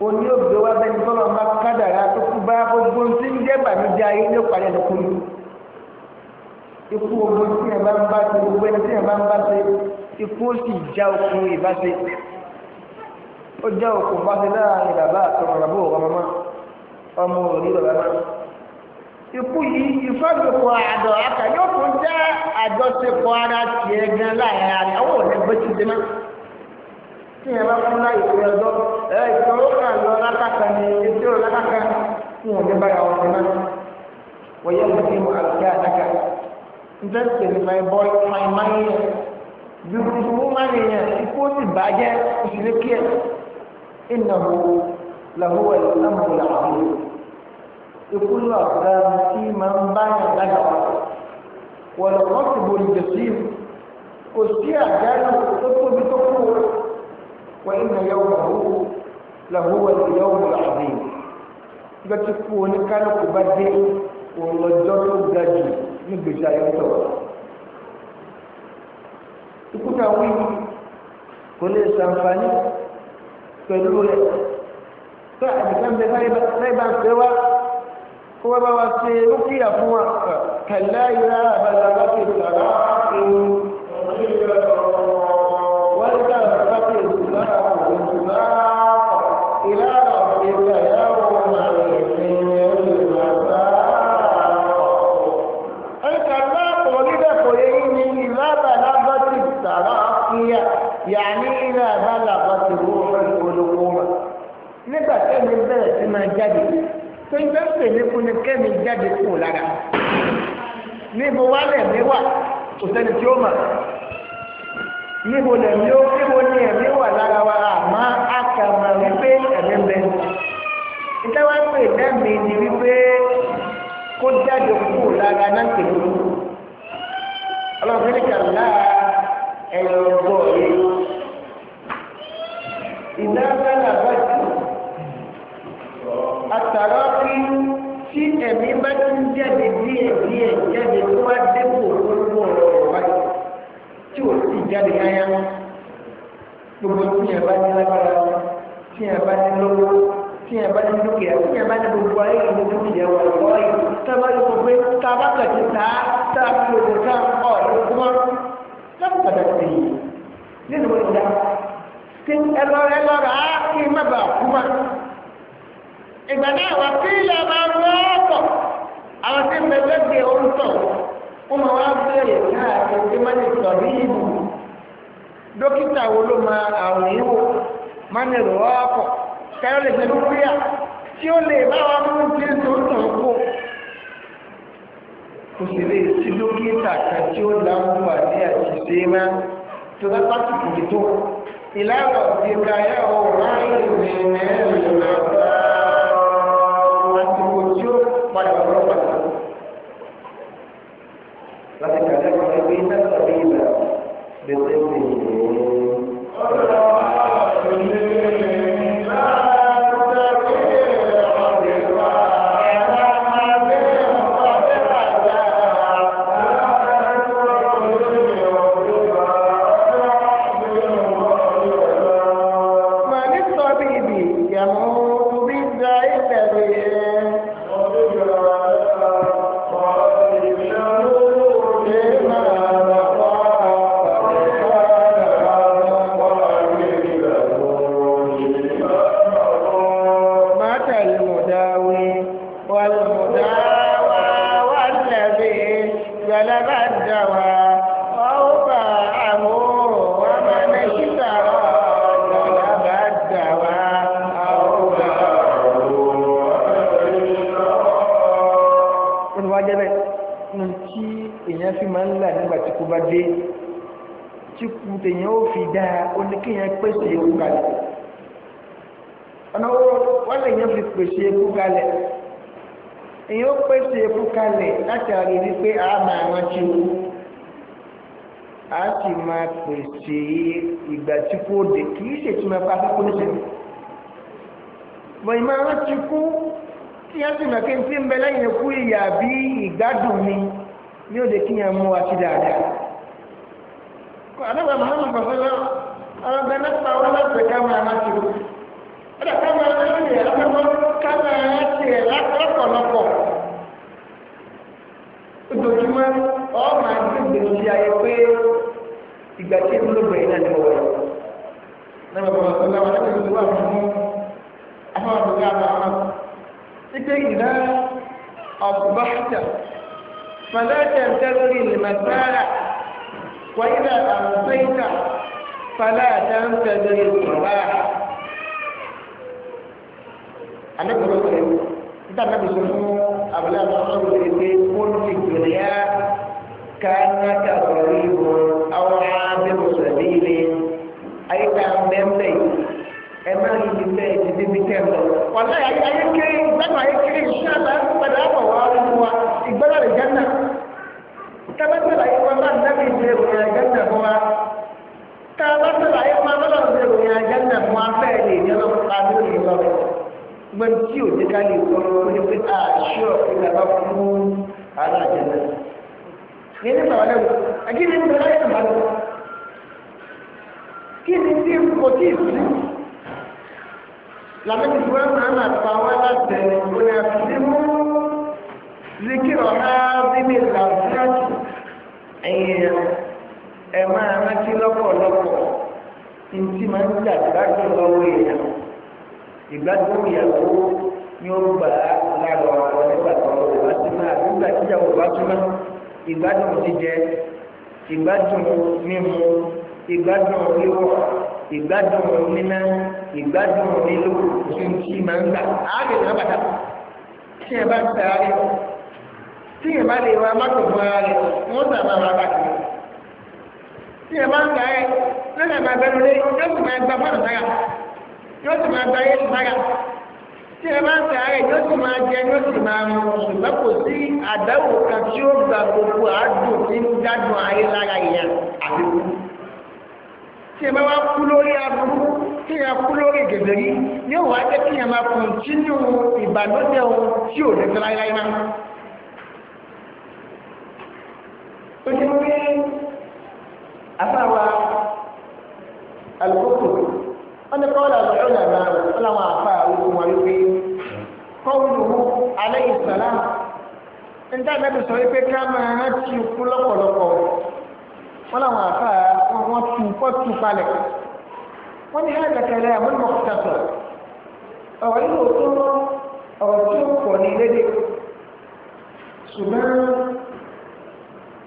Speaker 2: oní òbí wa bẹni tọ́lọ́ bá kádàrá tó kú bá gbogbo ntí ń jẹ́ bàmí ayé ní ìpàdé ẹ̀dẹ́kùnrin ikú ogun tí ẹ̀ bá ń bá ṣe gbogbo ẹni tí ẹ̀ bá ń bá ṣe ikú ó sì já okun ìbáṣe ó já okun ìbáṣe láàrin bàbá àtọmọ bàbá òwò ọmọ ọmọ òní bàbá má ikú yìí ìfọ́dùkọ àdọ̀ àkà yóò tún jẹ́ àjọṣepọ̀ ara tiẹ̀ gan láàrin ara rẹ̀ àwọn òní gbé tìde má tí ẹ̀ bá fún láyé ìwé ọjọ́ ẹ̀ ìṣòro kan lọ látàkà ní ìṣòro látàkà fún òní báyà ọ̀sẹ̀ náà wọ́n yẹ Just say my boy, my money yẹn. Beautiful money yẹn. Ikú ó sì bàjẹ́ òṣèlékí ẹ̀. Ìnáwó làwọn ẹ̀ lámọ̀ làwọn yìí. Ikú lọ àgbà tí màá ń bá yàn lágbàá. Wọ́n lọ kọ́ sí bòlì jẹ̀sí. Kò sí àjálù tó tóbi tó kú. Wọ́n ìnà yẹ̀wò làwọn ẹ̀ yẹ̀wò làwọn yìí. Ìgbà tí kú oníkálukú bá dé, òun lọ́jọ́ tó ga jù. ní gbèsè ayé tọ̀. Ikú ta wí kò lè ṣàǹfààní pẹ̀lú rẹ̀.
Speaker 1: Tó àdìsá ń bẹ láìbá ń
Speaker 2: fẹ́ wá kó wá bá wa ṣe lókìyà fún wa kàlá ìlà àbàlà bá ti sàrà ìrù. fẹ́ pè mí fún ni kẹ́mi jáde kù lára níbo wálẹ̀ mi wà kò sẹ́ni tí ó mà níbo lẹ̀mí ó níbo ni ẹ̀mí wà lára wa àmọ́ àkàmọ̀ àjà anábà mahamud bàbá alábẹ nípa wọn láti ká فلا تنتظر المساء وإذا أمسيت فلا تنتظر الصباح أنا صلى الله عليه وسلم النبي صلى الله عليه وسلم يقول في الدنيا كأنك قريب أو عابر سبيل أي تعمل má rí ibi tẹ́ ìdí débi tẹ́ lọ. wàlá ayé kiri gbẹ́nu ayé kiri iṣẹ́ àlá padà àbọ̀ wá nínú wa ìgbẹ́lá rẹ̀ gánà. tábà tẹ̀lé ayé wọn bá dábì ìṣe ìròyìn àjẹ́nà fún wa.
Speaker 1: tábà tẹ̀lé ayé wọn bá lọ́ọ̀ ṣe ìròyìn àjẹ́nà fún wa fẹ́ẹ̀ lè ní ọlọ́pàá lórí ìlọrin.
Speaker 2: gbẹ̀ntì òjìká lè wọ́n ní pé àṣọ ìgbàgbọ́ fún ara àjẹ́nà yẹn nípa kí ni tí kò tí ì sí làbẹ́ni tí wọ́n máa máa pa wá láti ìwé àti mú zikirọ̀ náà bíbí làbúrẹ́tù ẹ̀yìn ẹ̀ máa rántí lọ́pọ̀lọpọ̀ ntí máa ń gbà gbádùn lọ́wọ́ èèyàn ìgbádùn ìyàwó ni ó gbà lára ọ̀rọ̀ nígbà tó ọ̀rọ̀ bá ti máa nígbà tí ìyàwó bá tún máa ìgbádùn jíjẹ ìgbádùn mímu ìgbádùn wíwọ̀ ìgbádùn níná ìgbádùn nílò oṣù tí máa ń gbà áàbẹ̀ náà bàtà tí ẹ bá ń tẹ ara rẹ tí ẹ bá lè wa mọ́tò fún ara rẹ wọ́n sà máa ra bàtà tí ẹ bá ń tẹ ara rẹ lọ́nà máa gbẹnu lé yóò sì máa gba fọ́nà sára yóò sì máa gba ayé sára tí ẹ bá ń tẹ ara yóò sì máa jẹ yóò sì máa mú ṣùgbọ́n kò sí àdáwò kan tí ó gba gbogbo àádùn tí gbádùn ayé lára ìyá àbíkú tí ẹ bá wá kú lórí aburú tí ẹ kú lórí gègèrí yóò wá jẹ́ kí ẹ máa kọ̀ntínú ìbànújẹ́ ohun tí ò lè tẹ́lá yáyá. ó ti mú pé afáwa alùpùpù wọn ni kọ́ńtà àbúrò nàgbà ọlọ́wọ́n afá ogun wọn wípé kọ́ńtù alẹ́ ìsàlá nígbà mẹ́tò sọ wípé ká máa rántí ikú lọ́pọ̀lọpọ̀ wọ́n làwọn àfa wọ́n tu kọ́ tu palẹ̀ wọ́n ní hàn kẹkẹrẹ àwọn mọ̀kútàtọ̀ ọ̀rọ̀ yìí ò tó ọ̀rọ̀ tí ó pọ̀ ní lédè ṣùgbọ́n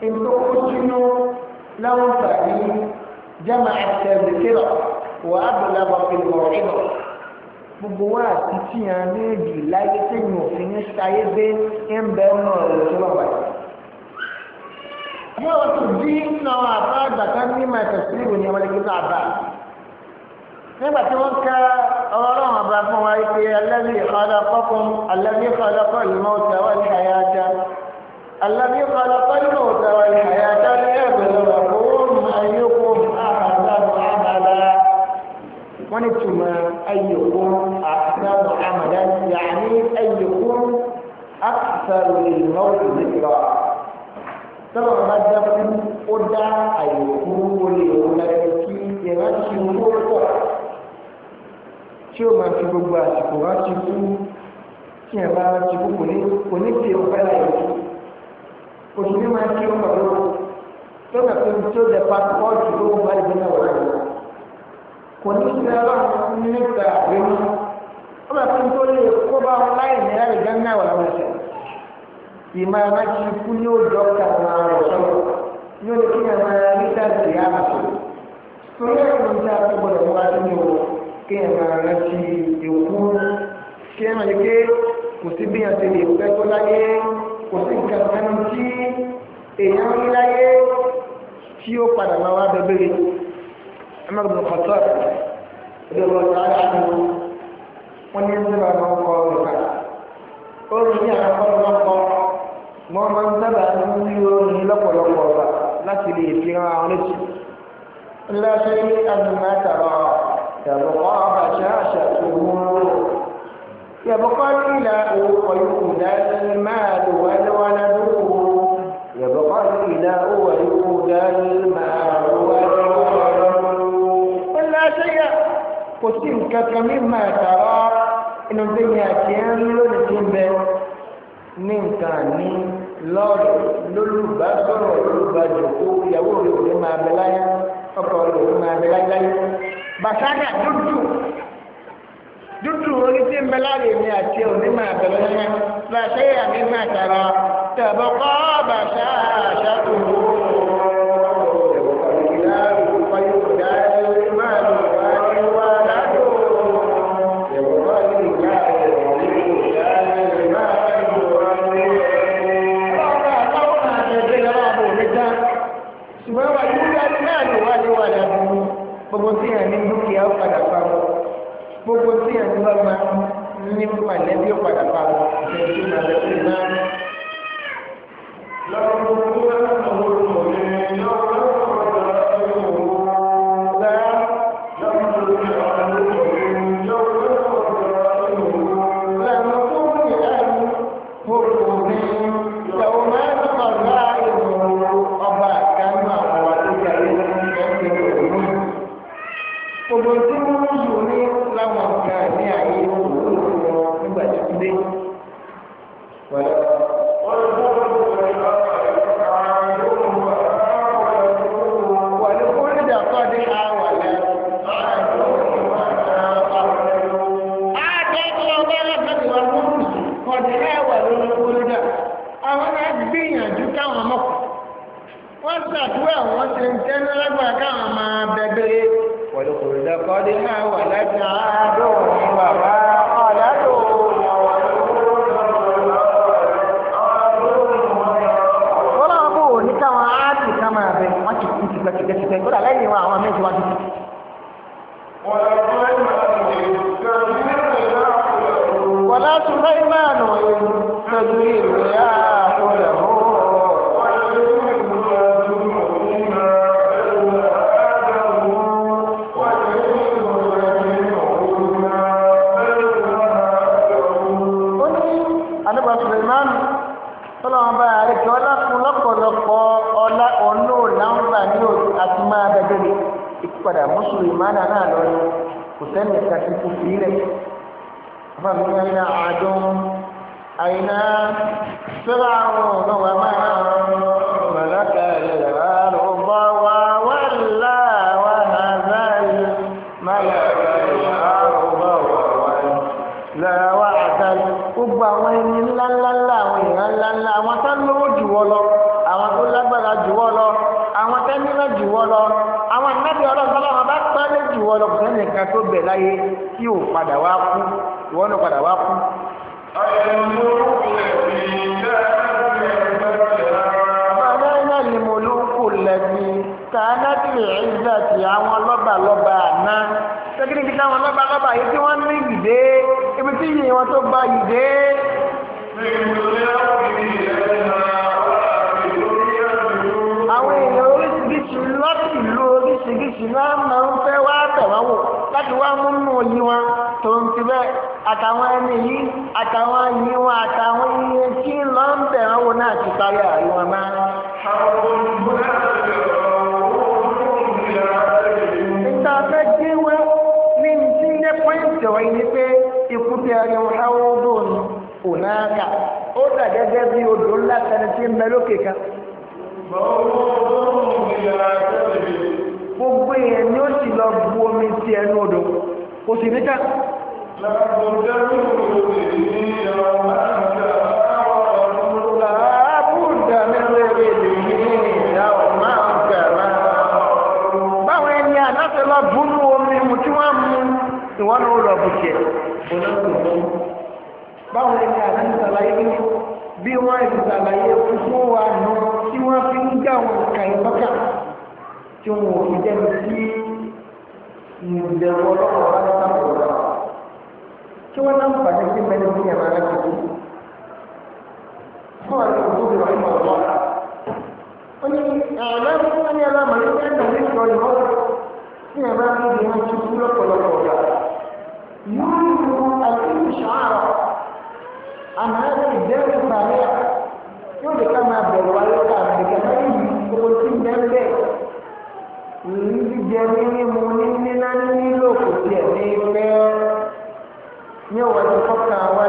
Speaker 2: ìtòkó sínú láwọn fàáyé jẹ́mà ẹ̀sẹ̀ ìdíkẹ́rọ̀ wà á bọ̀ lábọ̀ pé mọ̀rọ̀ ìbọ̀ gbogbo wa àti tíyan méjì láyé tẹ̀yìn òfin ní sáyé gbé ń bẹ́ẹ̀ mọ̀ ọ̀rọ̀ tó wà wáyé. ní ọ̀rọ̀ tó bí nínú àwọn àbá àgbà kan ní ma tẹ̀sí ìrò ní ọmọ lẹ́gbẹ̀ẹ́ àbá nígbà tí wọ́n ká ọ̀rọ̀ ọlọ́run ọba fún wa pé alladhi khalaqakum alladhi khalaqa al-mawta wal-hayata alladhi khalaqa al-mawta wal-hayata liyabluwakum ayyukum ahsanu amala wọ́n ní tùmọ̀ ayyukum ahsanu amala ya'ni ayyukum aktharu lil-mawti dhikra. sọ́nà bá dá fún ó dá àyè fún olè òun láti kí ìrántí owó pọ̀ tí ó máa fi gbogbo àsìkò rántí fún tí ẹ̀ bá rántí fún kò ní fi ọ̀fẹ́ láyé kò sì ní máa kí ó pọ̀ lọ́wọ́ sọ́nà pé tí ó lè pa kọ́ọ̀tù tó wọ́n bá lè dín náà wọ́n kò ní sí ọlọ́run nípa àgbẹ̀wò ọba tó ń tó lè kó bá wọn láì ní láì dá náà wọ́n lọ́wọ́ ìmọ̀ ẹ̀ máa ti kú ní òjò kàwọn ọ̀rọ̀ sọ̀rọ̀ ní olè kí ẹ̀ máa rí sáàtì àmàtò torí ẹ̀rọ ní sáà tó gbọdọ̀ wá sí ní o kí ẹ̀ máa rántí èkú kí ẹ̀ máa yẹ pé kò sí bí àti lè pẹ́ tó láyé kò sí nǹkan kan tí èèyàn rí láyé tí ó padà máa wá bẹ̀bẹ̀rẹ̀ amagbe kọtọ ẹdí ọgbọn tó ara ẹni wọn ní ẹni tó bá wọn kọ ọgbà ó rí ní àwọn ọgbà kọ. wọ́n máa ń sábà ń rí orin lọ́pọ̀lọpọ̀ ọba láti lè fi ran àwọn létí. ńlá ṣe àdùnmá tàbá tàbùkọ́ ọba ṣáàṣà tó wúrò. يبقى الإله ويهدى المال والولد يبقى الإله ويهدى المال والولد ولا شيء قسمك مما ترى إن الدنيا كان لنتم به من كان lọ́ọ̀rì lólùbásọ̀rọ̀ lólùbàjò tó ìyàwó rẹ̀ ò ní máa bẹ láyé ọkọ rẹ̀ ò ní máa bẹ láyé láyé. bàtàkà dúdú dúdú orí tí ń bẹ láyé mi àti òní máa bẹ láyé bàtà àmì máa tàrà tẹ̀bọ̀kọ́ bàtà àṣà òwò. gbogbo tí yàn ní dúkìá ó padà pa wọn gbogbo tí yàn ní lọ́mọ ní mọ̀lẹ́bí ó padà pa wọn ìṣèjú mọ̀lẹ́bí náà. lọ́wọ́ tó wá lọ́wọ́ lọ́wọ́ lọ́wọ́. gẹ́gẹ́ bí odò ńlá kan tí ń bẹ lókè kan. gbogbo èèyàn ni ó sì lọ bu omi sí ẹnu odò kò sì níta. báwo ni àná ti lọ bùnú omi mu tí wọ́n mú
Speaker 1: ìwọ́n ní ó lọ bù
Speaker 2: tiẹ̀. báwo ni àná ti sàlàyé nínú bí wọ́n ìsàlàyé fún wa nù tí wọ́n fi ń gbà wọn kàìmọ́kà tí wọn ò fi dẹ́nu sí ìdẹ̀wọ̀ ọlọ́pàá bá ń sábọ̀ lọ. tí wọ́n náà ń pàdé sí mẹ́rin ní ẹ̀rọ alágbèbí. fún àwọn ìlú tó lọ ìmọ̀ ọ̀rọ̀ wọn ni àlọ́ wọn alámọ̀lẹ́ ní ẹ̀dá ní ìsọ̀ ìmọ̀ ní ẹ̀rọ alágbèbí wọn ti kú lọ́pọ̀lọpọ̀
Speaker 1: àmọ́ ẹ̀rọ ìdẹ́rù ìpàdé yóò lè ká máa bẹ̀rù wáyé káàkiri kẹfẹ́
Speaker 2: yìí gbogbo tí ń bẹ́ẹ̀ bẹ́ẹ̀ ní ní mímu ní nílò kò ní ní bí àdá ọjọ́ tó ń á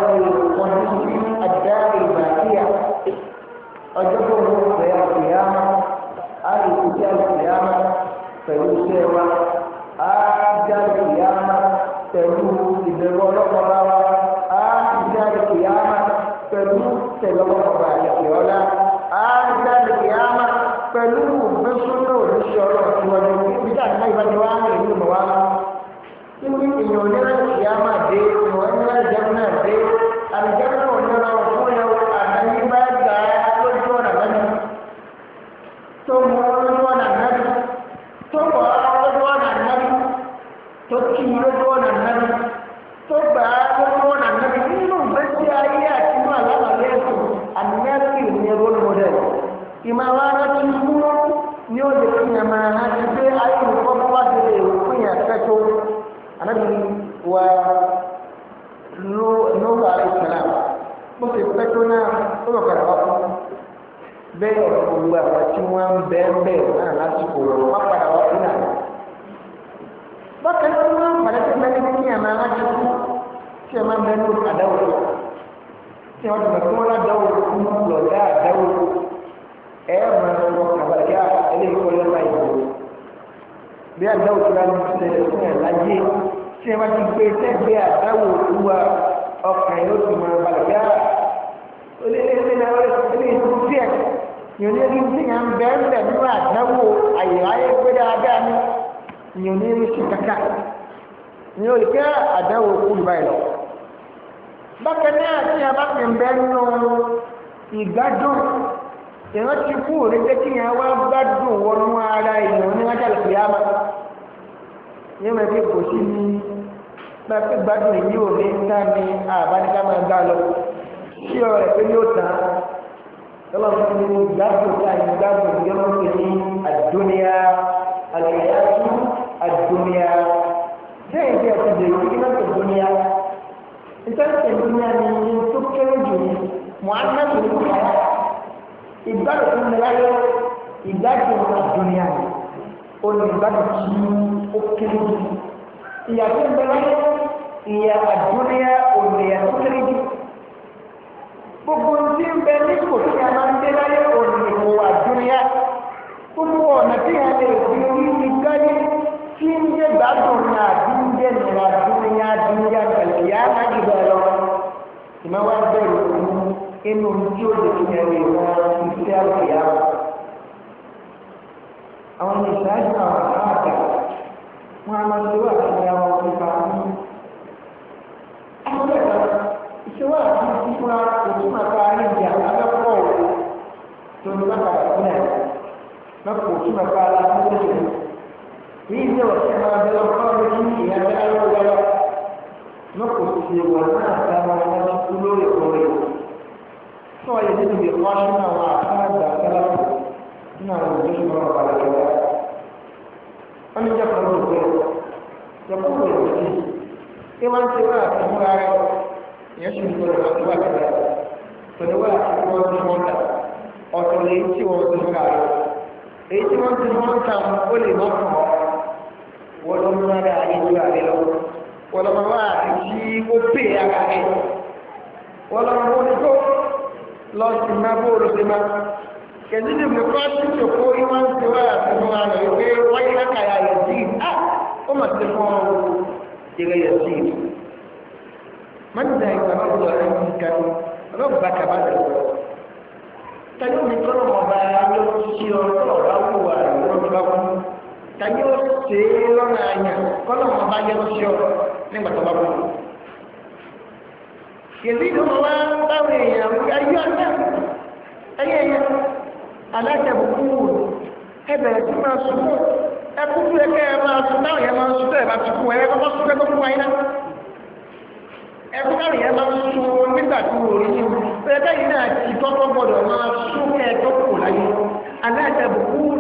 Speaker 2: lè fi jẹ́ pẹ̀lú iṣẹ́ wa
Speaker 1: á jẹ́ pẹ̀lú ìbẹ̀rù ọlọ́pàá wa. ìdá ìkìyà máa pẹ̀lú tẹ̀lọ́wọ́ ọba ìkìyọ́lá ìdá ìkìyà máa pẹ̀lú ìgbésùnà
Speaker 2: òṣìṣẹ́ ọlọ́run tí wọ́n ní ibi tí àtúntà ìbá ti wá ń rìn nínú wa. Níbi ìyàn onírà ìkìyà máa dé, ìwọ̀n onírà ìjẹun dé, àbíjẹ́kọ̀ onírà òfúnyẹ̀wò àtàyè bá gbà á lójú ọ̀nà lẹ́nu. Tó mú ànábì wa lóòrùn àìsàn bó ti pẹ́ tó náà ó lọ padà wá fún bẹ́ẹ̀ gbogbo àwọn tí wọ́n ń bẹ́ẹ̀ bẹ́ẹ̀ náà lásìkò rẹ̀ wọ́n padà wá fún náà bákan náà wọ́n padà tó bẹ́ẹ̀ ní kí àmà aláṣẹ tí a máa ń bẹ́ẹ̀ lórí àdáwò rẹ̀ tí wọ́n ti bẹ̀ kí wọ́n ládáwò rẹ̀ fún lọ́dá àdáwò rẹ̀ ẹ̀ máa ń lọ kàbàjá ẹlẹ́yìn kọ́lẹ́ láì bí àdáwò tó bá ń tí wọn ti gbé sẹ́gbẹ́ àdáwò olúwa ọkàn yóò ti máa balẹ̀ yá ah,
Speaker 1: olóyè náà olóyè tó tiẹ̀
Speaker 2: yóò ní ẹni tí yàn bẹ́ẹ̀ bẹ́ẹ̀ nínú àdáwò àyíráyé gbé dáadáa ni yóò ní ẹni tí kàkà ni yóò kẹ́ àdáwò kúlù báyìí lọ. bákan náà tí yàn bá ti bẹ́ẹ̀ nínú ìgbádùn ìran ti kú òní jẹ́ kí yàn wá gbádùn wọnú ara ìyàn ní lọ́kùnrin àmà yẹ́n mẹ́fẹ́ kò sí ní pé gbádùn èyí ò ní ná mi àbáníká máa gbá lọ sí ọ̀rẹ́ pé yóò tán lọ́wọ́ fún mi gbádùn ká yìí gbádùn yìí ó ń pè ní àdúnyà àlùyàtú àdúnyà sẹ́yìn tí a dèrò kí náà tó dúnyà ìtẹ́sẹ̀ dúnyà ni tó kéré jù ní mọ̀ánà tó ní kàrà ìgbádùn tó ń bẹ láyé ìgbádùn àdúnyà ni ó tí ó kéré jù ní ìyà tó ń bẹ̀rẹ̀ ìyà àdúnyà ònìyà tó kéré jù gbogbo tí ń bẹ ní kò tí a máa ń dé láyé ònìyàwó àdúnyà gbogbo ọ̀nà tí a lè fi orí ti gáyé tí ń yé gbádùn ní àdúnyà ní àdúnyà àdúnyà pẹ̀lú ìyá àjùbọ̀ lọ ìmọ̀ wá bẹ̀rù inú tí ó lè fi ìwọ̀n ìfẹ́ àwòyá àwọn ìṣáájú àwọn àbá
Speaker 1: wọn a máa ń lo àwọn ìyá wọn nípa ní.
Speaker 2: àwọn ẹ̀ka ìṣòwò àti ìfúnra òtún àpá níbi àbábẹ́pọ̀ tó ní bàbàrà sílẹ̀ lọ́pọ̀ òtún àpá aláàbẹ̀sẹ̀. èyí ni ọ̀sẹ̀ máa bẹ lọ́kọ́ mi kí ìyá bẹ́ ayọ́wọ́ lọ́pọ̀ òsì wọ̀ náà bá wọn lọ́wọ́ lórí ìkórè. sọ èyí nínú ìkọ́ṣẹ́ náà wọn àtúnàgbà sẹ́lá nínú àwọn wọ́n ní jẹ́kọ̀ọ́ ló gbé jẹ́kọ̀ọ́ ló gbé sí i wọ́n ti wá àti múra rẹ̀
Speaker 1: ìyẹn sì ń gbọ́dọ̀ àti wá àti rẹ̀ pẹ̀lú wá àti wọ́n ti wọ́n ta ọ̀tọ̀ lè tí wọ́n ti múra rẹ̀ èyí tí wọ́n ti wọ́n ta ó lè má kàn
Speaker 2: ọ́ lọ múra rẹ̀ ayé ju àrẹ lọ wọ́n lọ máa wá àti tí pè ara rẹ̀ wọ́n lọ máa wọ́n tó lọ sí máa bó o lọ sí máa kẹ̀sídì bùkọ́tì ṣòkó ìwọ̀n ti wá àtúnú àná ìwé wáyé lákàyà yẹ̀sì á ó mà ti fún ọ ìrẹ yẹ̀sì. mọ́tìdá ìgbà tó lọ rẹ̀ ń kanu ọlọ́ọ̀bá kaba ti lọ. tani mi kọ́ ọmọ bá yọ sí ọ lọ́ọ̀bá wù wà lọ́ọ̀bá wù. tani ó ṣe é lọ́nà àyà kọ́ ọmọ bá yọ sí ọ nígbà tó bá wù
Speaker 1: kèmí ni wá báwọn
Speaker 2: èèyàn alátẹ̀kùn wò ẹ bẹ̀rẹ̀ sí máa sunkún ẹ kúkú yẹ kẹ́ ẹ máa sun táwọn yẹn máa sun tẹ̀ máa sunkún ẹ kọ́kọ́ sun kẹ́kọ́ fún wa yín náà ẹ kúkú táwọn yẹn máa sun nígbà tó wò yín bẹ́ẹ̀ bẹ́ẹ̀ yín náà ti tọ́tọ́ gbọ́dọ̀ máa sun kẹ́ ẹ tó kù láyé alátẹ̀kùn wò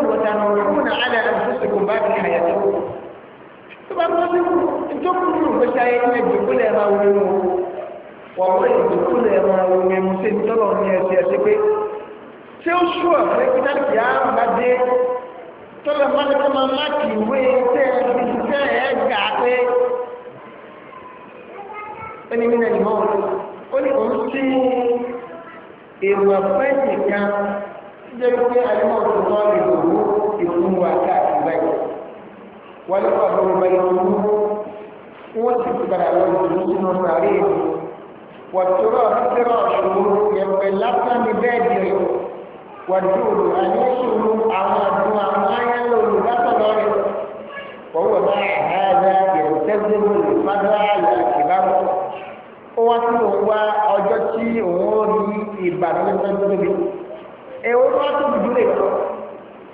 Speaker 2: ní ìgbésí ayé ní ìjókòó lè máa wọlé wọn wọ́n wọ́n ìjókòó lè máa wọlé wọn ṣe ń tí ó ṣú ọ̀pẹ́ pítàkì àrùn bá dé tọ́lọ̀ mọ́lẹ́kọ́ máa máàkì ìwé tẹ́ ẹbí tẹ́ ẹ gà pé ó ní mílíọ̀nù ìmọ̀ ó ní òun sí èrò ọ̀pẹ́ nìkan jẹ́ pé àyẹ̀wò tó tọ́ ìlú ìlú wa káàkiri báyìí wọ́n lọ́kọ̀ àbúrò báyìí wọ́n sì ti padà lọ ìlú sínú ọ̀sán àríyìn
Speaker 1: wọ́n tó rọ̀ sí rọ̀ ṣòro yẹn lásán ní bẹ́ẹ̀ di ọ̀yọ́ wàdúró àyẹ̀sùrù àwọn àdúrà àwọn ayẹlẹ olùdásọ̀rọ̀ rẹ̀ fọwọ́ bá àhàdà ìrẹsẹ́gbẹ̀rún ìfádà àyàkìbáwọ̀
Speaker 2: ó wá sí òun wá ọjọ́ tí òun ó rí ìbànújẹ́ tó tóbi èwo tó wá tóbi dúró ìlọ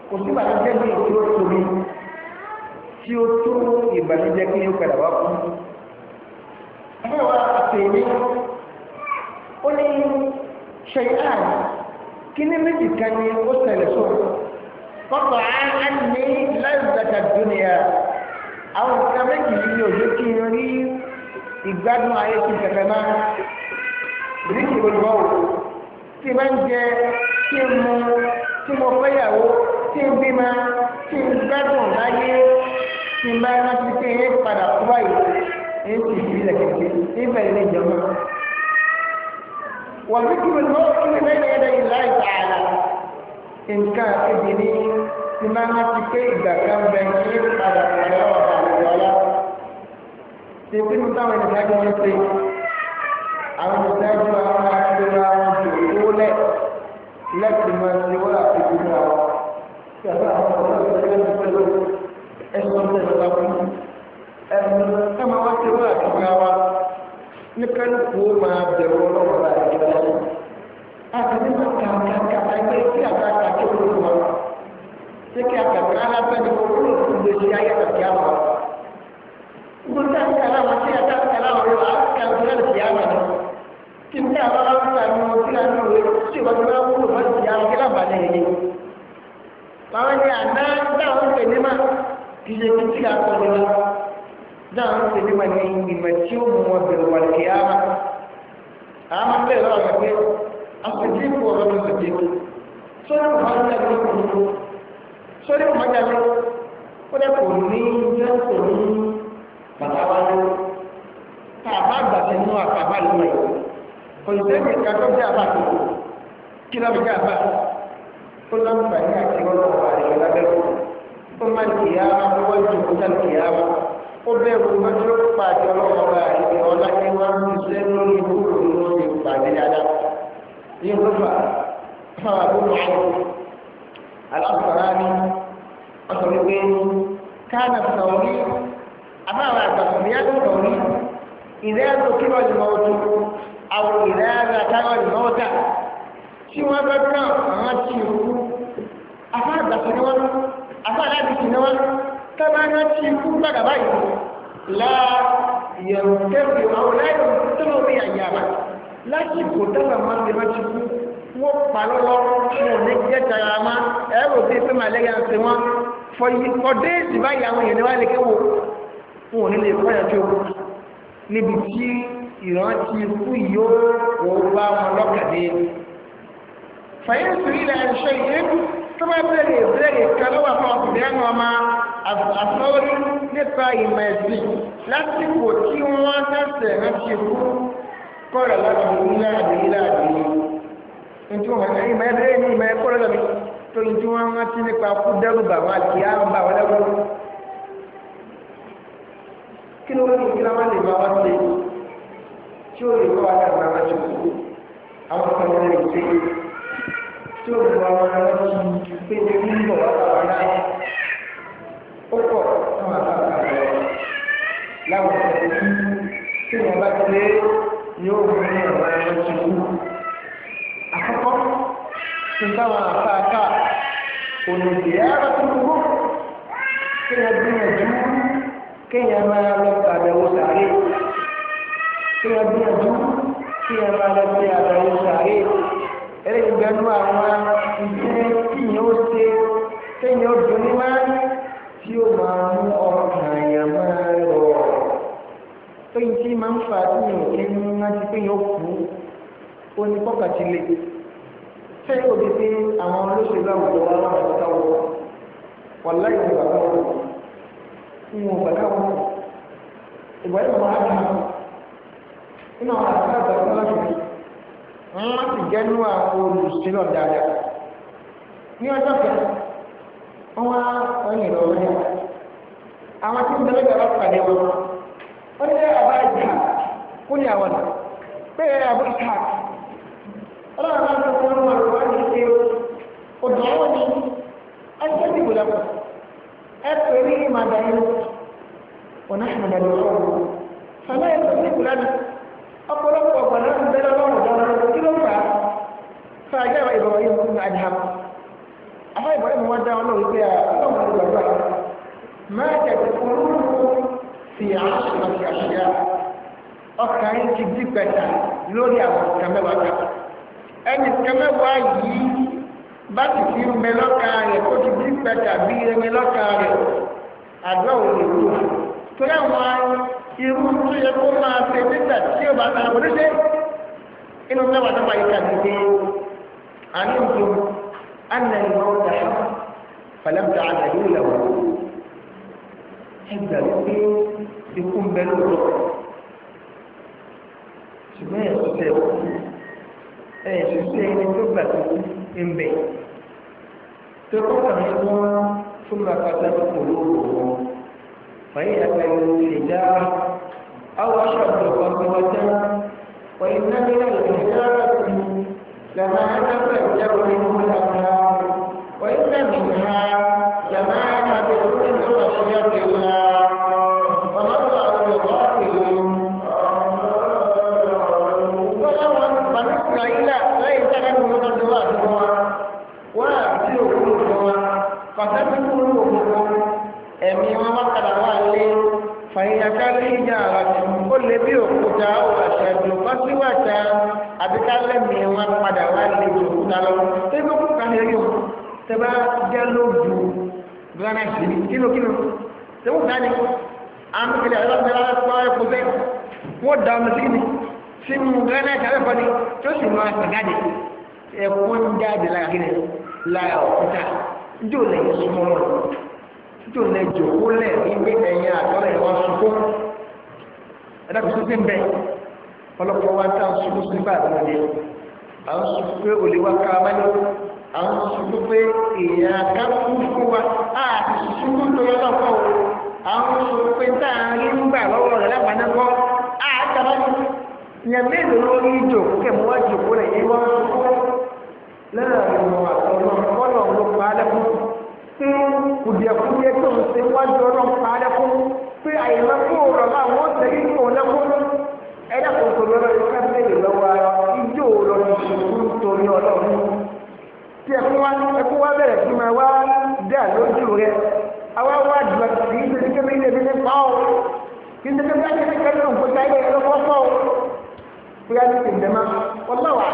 Speaker 2: kò sí ìbànújẹ́ bí èyí tóbi tí ó tó ìbànújẹ́ kí ó padà wá fún un. àbẹ̀wò àtẹ̀yìn ó ní ṣe àná. Kini méjì kan ní ó ṣẹlẹ̀ sọ kọ́kọ́ á ní láìbàtà dúnìyà àwọn nǹkan méjì yìí ò yẹ kí n rí ìgbádùn ayé ti tẹ̀lẹ̀ máa rí ìgbòlùbọ̀ wò tí bá ń jẹ tí ń mu tí mo fẹ́yàwó tí ń bímọ tí ń gbádùn láyé tí ń bá rántí pé ń padà kú báyìí ń tì í sílẹ̀ kẹ̀kẹ́ níbẹ̀ ilé ìjọba. وذكر الموقف بين يدي الله تعالى nǹkan kejì ní ti máa ń ti pé ìgbà kan bẹ ní padà padà ọ̀rọ̀ àlejò ọlá ṣe pé mo táwọn ènìyàn jọ ń ṣe àwọn ìdájọ́ àwọn akéwà àwọn jòkó lẹ̀ lẹ́sì máa ṣe wọ́n àti ìdílé àwọn tí a bá ń pẹ̀lú wá ní kálukú ó máa bẹ̀rù ọlọ́run bá ẹ̀jẹ̀ lọ́wọ́. Àtẹ̀lé máa kà kà kà ẹgbẹ́ kí àgbà kà kí ó lò wọn. Ṣé kí àgbàgbà alábẹ́ ni kò kúrò fún gbèsè ayé àgbàgbà àwọn ọ̀rọ̀? Gbogbo táwọn kàlá wọn kí àgbà kàlá wọn yóò á kà ní àgbàgbà àwọn ọ̀rọ̀. Kí n tẹ́ àwọn aláwọ̀ àwọn ọmọ tí wọ́n lò wọ́n tí wọ́n ti máa wúlò wọ́n ti àwọn kí lábàlẹ̀ yẹn ni. Báwọn ni àná dáhùn pè ní mà kì í ṣe kí tí a kọ̀ ní wọn. Dáhùn pè ní mà ní ìgbìmọ̀ tí ó bẹ̀rẹ̀ lọ́wọ́ rẹ̀ pé àpèjì kò ọ̀rọ̀ ló lòdì sórí muhammed ló kù ú sórí muhammed ló kó dẹ́ kò ní jẹ́ kò ní bàbá wa ló tá a bá gbà sínú àbábá ló rẹ̀ kò ní sẹ́yìn ìka tó jẹ́ àbá tó kí lọ́ọ́ fi jẹ́ àbá kó lọ́ọ́ fi bàjẹ́ àti ọlọ́wọ́ àrẹ̀ lábẹ́ kó má kìí ara kó wọ́n ju kó sálù ó bẹ̀rù lọ́jọ́ pàdé ọlọ́mọba àti ọlá tí wọ́n ń ṣiṣẹ́ lórí ìlú ìlú ti pàdé dáadáa. ní ìlúfà fún àbúrò ọ̀hún aláǹfààrà ni wọ́n sọ wípé káàdà sọ̀rí àbáwọ̀ àgbàkùnrin yá sọ̀rí ìrẹ́rù kí wọ́n lè mọ́tò àwọn ìrẹ́rù àtàwọn ìmọ́tà tí wọ́n bá tán àwọn ti rú afáàgbàkùnrin wọn afáàgbàkùnrin wọn tọ́ba rántí ikú gbàgbà báyìí la yẹ̀rù tẹ́lẹ̀ àwọn láyọ̀ tẹ́lẹ̀ omi àyà rà lásìkò tẹ́lẹ̀ máa ti rántí ikú
Speaker 1: wọ́n pa lọ́lọ́ wọn ní jẹ́ tara ma ẹ̀rọ bíi pé màlẹ́yà ń ṣe wọn fọdé ìdìbò àyà àwọn èèyàn ní wàá lè
Speaker 2: kéwò wọn ò ní lè kọ́ ẹ̀jọ́ níbi tí ìrántí ikú yóò wọ́n bá wọn lọ́kàdé fàyẹ̀sì ilẹ̀ ẹ̀ṣẹ́ ìyẹ́bù tọ́ba bẹ̀rẹ̀ bẹ̀rẹ̀ kan lọ́wọ́ àwọn ọkùnrin àwọn ọmọ àfọwọ́rí nípa ìmọ̀ ẹ̀sìn lásìkò tí wọ́n tẹ̀sẹ̀ rántí ikú kọ́ra láti wù ní àdéhìí láàdéhìí ntí wọn ní ìmọ̀ ẹ̀bẹ̀rẹ̀ ní ìmọ̀ ẹ̀kọ́ lọ́dọ̀ mi tó ní tí wọ́n rántí nípa kú dẹ́rù bà wọn àti àrùn bà wọn lẹ́wọ́ kí ló ní ìdílé wọn lè máa wá sí tí tí ó bu àwọn ọlọ́sùn pé ní kí ń bọ̀ wá bá wọn láyé ó pọ̀ fún àbábà rẹ̀ láwọn ọ̀sẹ̀ tí tí wọ́n bá ti lé ni ó bu ní ọ̀rọ̀ ọlọ́sùn kú.
Speaker 1: àkọ́kọ́ tí táwọn
Speaker 2: àfáàkà ònìdí ara tó gbogbo kéèyàn gbìyànjú kéèyàn máa lọ tàbẹ̀wò sàárè kéèyàn gbìyànjú kéèyàn máa lọ sí àbẹ̀wò sàárè eléyìí bẹ́ẹ̀ nú àwọn ìdílé tíyìn ó ṣe téyìn ó dùn ní má tí ó máa mú ọkàn èèyàn máa rọ̀ tóyìn tí máa ń fa tíyìn òkè ní rántí pé yóò kú ó ní pọ́kàtí lè ṣé ó pé àwọn olóṣèlú àwùjọ wa wà lọ́ta wọ wọ́n láì ní bàbá wọn ń bàbá wọn ìgbà yìí wọn á kà á nínú àwọn àgbàlagbà wọn láti rí. wọ́n sì jẹ́nu àwọn olùsílọ̀ dáadáa ní ọjọ́ kan wọ́n wá wọ́n yìnbọn wọ́n àwọn tí ń bẹ̀rẹ̀ onye pàdé wọn wọ́n ní àbá ìjà kú ní àwọn náà pé àbá ìjà ọlọ́run máa ń tọ́kọ́ ní wọn wọ́n ní ṣe ọdún àwọn ní ẹgbẹ́ ìdìbò lọ́pọ̀ ẹ pè ní lọ́wọ́ sọ́lọ́ wípé ọlọ́run ló gbàgbà máa tẹ̀sí olórúkọ fi àṣà àṣà ọkàn yìí ti di pẹ̀tà lórí àwọn nǹkan mẹ́wàá kan ẹnì kan mẹ́wàá yìí bá ti fi mẹlọ́ka rẹ̀ kó ti di pẹ̀tà bí mẹlọ́ka rẹ̀ àdúrà ò lè wúlò torí àwọn irú tó yẹ kó máa ṣe nígbà tí ó bá ta àwọn inú mẹ́wàá tó bá yìí kà ní pé àníyàn ànà ìwọ̀n ọ̀dà فلم تعد تعددوا له عند ربي يكون بلو رؤى إيه شو ما يستيقظ ايه شو سيد التوبه من بيت تقطع الاخوان ثم قتلت قلوبهم فهي كانت الحجاره او اشد قسوه
Speaker 1: وان من الحجاره لما نفع الجو
Speaker 2: òkúta lọ tẹ́lẹ̀ bá kúkà ní ẹyọ tẹ́ bá jẹ́ lójú granite ní kílókíló tẹ́wọ́ dá ní
Speaker 1: amẹ́kẹ́lẹ́ alábẹ́lá pọ́ ẹ̀kọ́ bẹ́ẹ̀
Speaker 2: wọ́n da ọmọ sí ni sínú granite alẹ́kọ́ ni tó sì máa pẹ̀ jáde ẹ̀kọ́ ń jáde lára kí ni lára òkúta njó lẹ̀ yẹ súnmọ́ lọ njó lẹ̀ jòkó lẹ̀ ibi ẹ̀yìn àtọ́lẹ̀ yẹ wọ́n sunkó ẹ̀dá kò sí pé ń bẹ ọlọ́pàá wa ń tà sunkó sí à ń sọ pé olè wa ká má lọ à ń sọ pé èèyàn ká kú fún wa á ti sọ fún tó yọ lọ́kọ̀ o à ń sọ pé tá à ń rí ń gbà lọ́wọ́ rẹ̀ lápàdé kọ́ á jàmbá ní ìyẹn mélòó lórí ìjò kẹmọ wá jòkó rẹ̀ yìí wọ́n sọ fún lẹ́yìn àwọn àtọ̀nà kọ́nà ló pa á lẹ́kùn tí kùdìẹ̀kùdìẹ̀ tó ń ṣe wájú ọlọ́run pa á lẹ́kùn pé rọ̀ máa wọ́n tẹ̀lé lójú rẹ̀ àwa wá jùlọ kì í ṣe kébé ilé mi ní pa ọ́ kì í ṣe kébé ilé mi kẹ́lẹ́ òǹkó ta ilé ẹ̀rọ fọ́fọ́ ọ́ bóyá ní ìdẹ́mà ọlọ́wà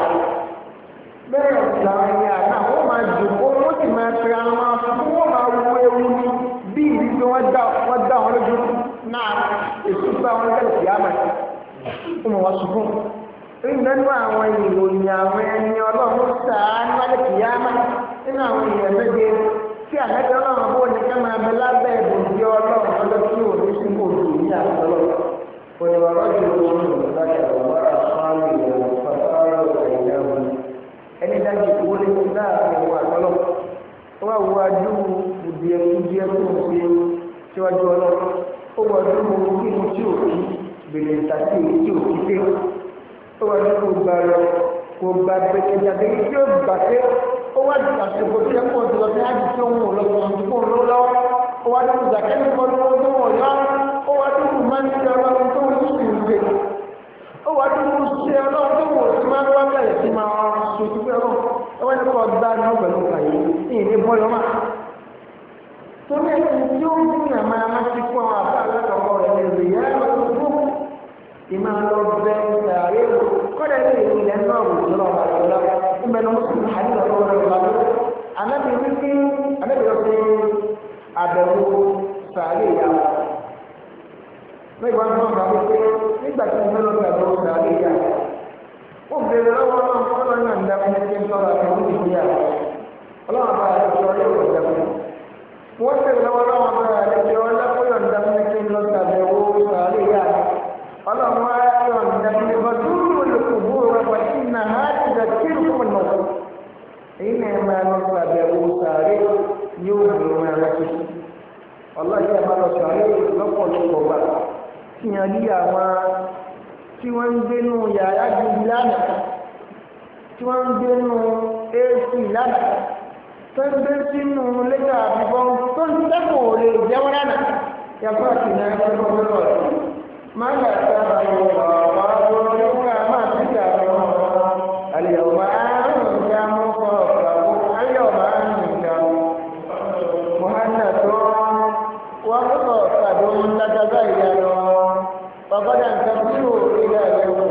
Speaker 2: bẹ́ẹ̀ ọ̀sán ẹ̀yà náà wọ́n máa jòkó wọ́n sì máa pe àwọn afọ́fọ́ wọ́n máa wú ewu ní bí ìdí tí wọ́n dá wọ́n dá wọn lójú náà èso bá wọn lẹ́nu ìyá àmàtí wọ́n mọ̀ wá sùkún nínú àwọn ìròyìn àwọn ẹni ọlọ́run sáà ní wálé nínú àwọn ìyẹn méje kí àlẹ́bí ọlọ́run bó ní ká máa bẹ lábẹ́ ìbòjì ọlọ́run lọ́jọ́ tí ò ní sí kò tó ní àtọ́lọ́
Speaker 1: oníwàrọ́jù lóhùn lọ́jà wàrà
Speaker 2: fáwọn ìyàwó fàtàrà ìyàwó ẹni dájú kó lé láàrin ìwà àtọ́lọ́ ó wà wọ adú kùdìẹ̀kùdìẹ̀ tó ń ṣe síwájú ọlọ́run ó wọ adú kí mo tí ò kí bèrè ìtàkì tí ò kí pé ó wọ adú kó gbà lọ kó gbà bẹ́ẹ̀ ó wá di àsìkò tó yẹ kó lọ sí àjì tí òun ò lọ sọ̀rọ̀ tí kò ń lọ lọ́wọ́ ó wá dúró zakẹ́ni kan lọ́wọ́ tó wọ̀ yá ó wá dúró máa ń ṣe ọlọ́run tó ń sùn ìwé ó wá dúró ṣe ọlọ́run tó wọ̀ sí máa ń wá bẹ̀rẹ̀ sí máa ń sùn sí pé ọlọ́run ó wá ní kó gbá ní ọgbẹ̀lú kàyé ìyìn ní bọ́ọ̀lù ọmọ torí ẹni tí ó ń gbìyànjú máa má ti kó àwọn àbá alákọ̀ọ́kọ́ rẹ̀ lè yá
Speaker 1: ìmáa lọ bẹ́ẹ̀ sàárè kọ́dà ilé ìlẹ̀ náà wò lọ́wọ́ àti ọlọ́pàá ìmẹ̀nà mùsùlùmí àti ìdàgbọ́ rẹ̀ lọ́wọ́
Speaker 2: anábì wípé anábì yóò fi àbẹ̀wò sàárè ìyá wa mẹ́gbàá ń bọ̀ wípé nígbà tí mo lọ gbàgbọ́ sàárè ìyá wa ó bèrè lọ́wọ́ náà fún ọlọ́run náà ń dá fún ẹgbẹ́ sọ́ra àtàwọn ìdíyà ọlọ́run bá yà sọ ọ́ yóò dá fún wọ́n bèrè lọ́wọ́ náà fún ẹgbẹ́ ọlá fún yọ̀ǹda fún ẹgbẹ́ lọ́sàbẹ̀wò sàárè ìyá ọlọ́run wá yọ̀ǹda fún ẹgbẹ́
Speaker 1: èyí náà máa lọ sí àbẹ̀wò sàárè yóò mú un máa
Speaker 2: rántí ọlọ́jà máa lọ sàárè lọ́pọ̀lọpọ̀ wà kí yẹn rí àwọn tí wọ́n ń gbénú yàrá gidi lánàá tí wọ́n ń gbénú ac lánàá tó ń gbé sínú lẹ́tà àbíbọ́n tó ń sẹ́kùn òòlè ìjẹ́wọ́ lánàá yàtọ̀ sí náà ẹgbẹ́ gbọ́dọ̀ lọ́wọ́
Speaker 1: máa ń gbà sábà yọ̀ wá wá lórí ó máa ti dà lọ́wọ́ àlè ọ̀wá á. تبينوا فقد انتقلوا إلى الأمور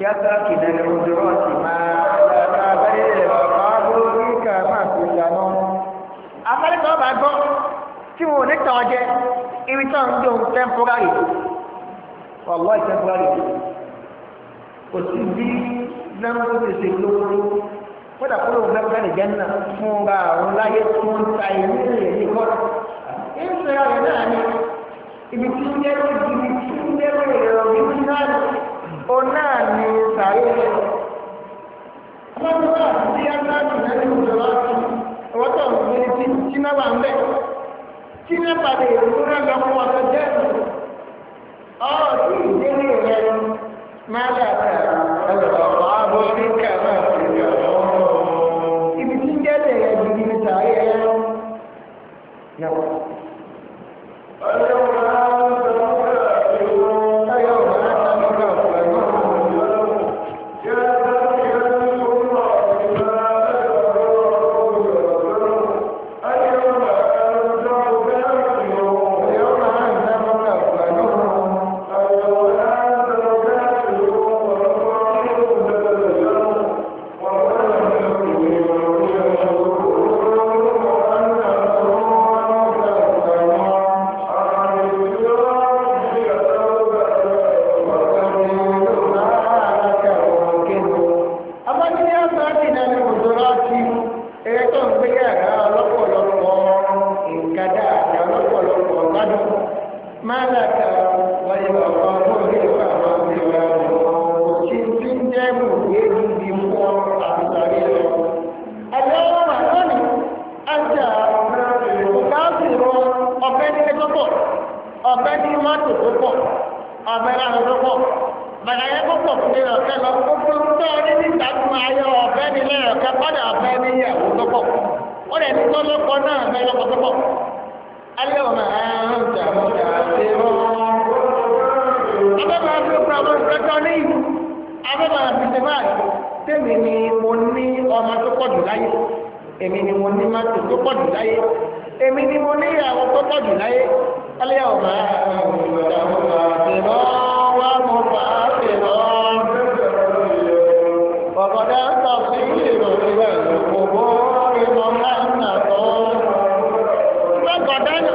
Speaker 2: يتركن الحجرات ما على بين القبور كما كنا
Speaker 1: amẹ́ríkà ọba gbọ́ tí wọn ò ní tàn jẹ ibi tán ń dùn tẹ́ḿpórárì
Speaker 2: ọ̀lọ́ ìtẹ́ḿpórárì kò sí bí náírà ti ṣe lówó kódà kó lóun fẹ́ fẹ́ nìjẹ́ náà fúnra àwọn láyé tó ń ta ìlú rẹ̀ ní kọ́tù ìṣẹ́ra rẹ̀ náà ni ibi tí ń yẹ́rọ ibi tí ń yẹ́rọ ìrọ̀rùn ibi náà ó náà ní sàárè ọlọ́dúnrún àti agbáàdì náà ní ìjọba ọ̀sán ọwọ́tọ̀ ọ̀gbìn tí tí náà wà ń bẹ̀ tí náà padà ìrúnná lọ fún wa tó jẹ́ ọ̀rọ̀ tí ìdílé ni máa dà tà ọ̀rọ̀ àbọ̀ ní kàmá ibi tí ń jẹ́ lẹ́yìn ibi ní sàárè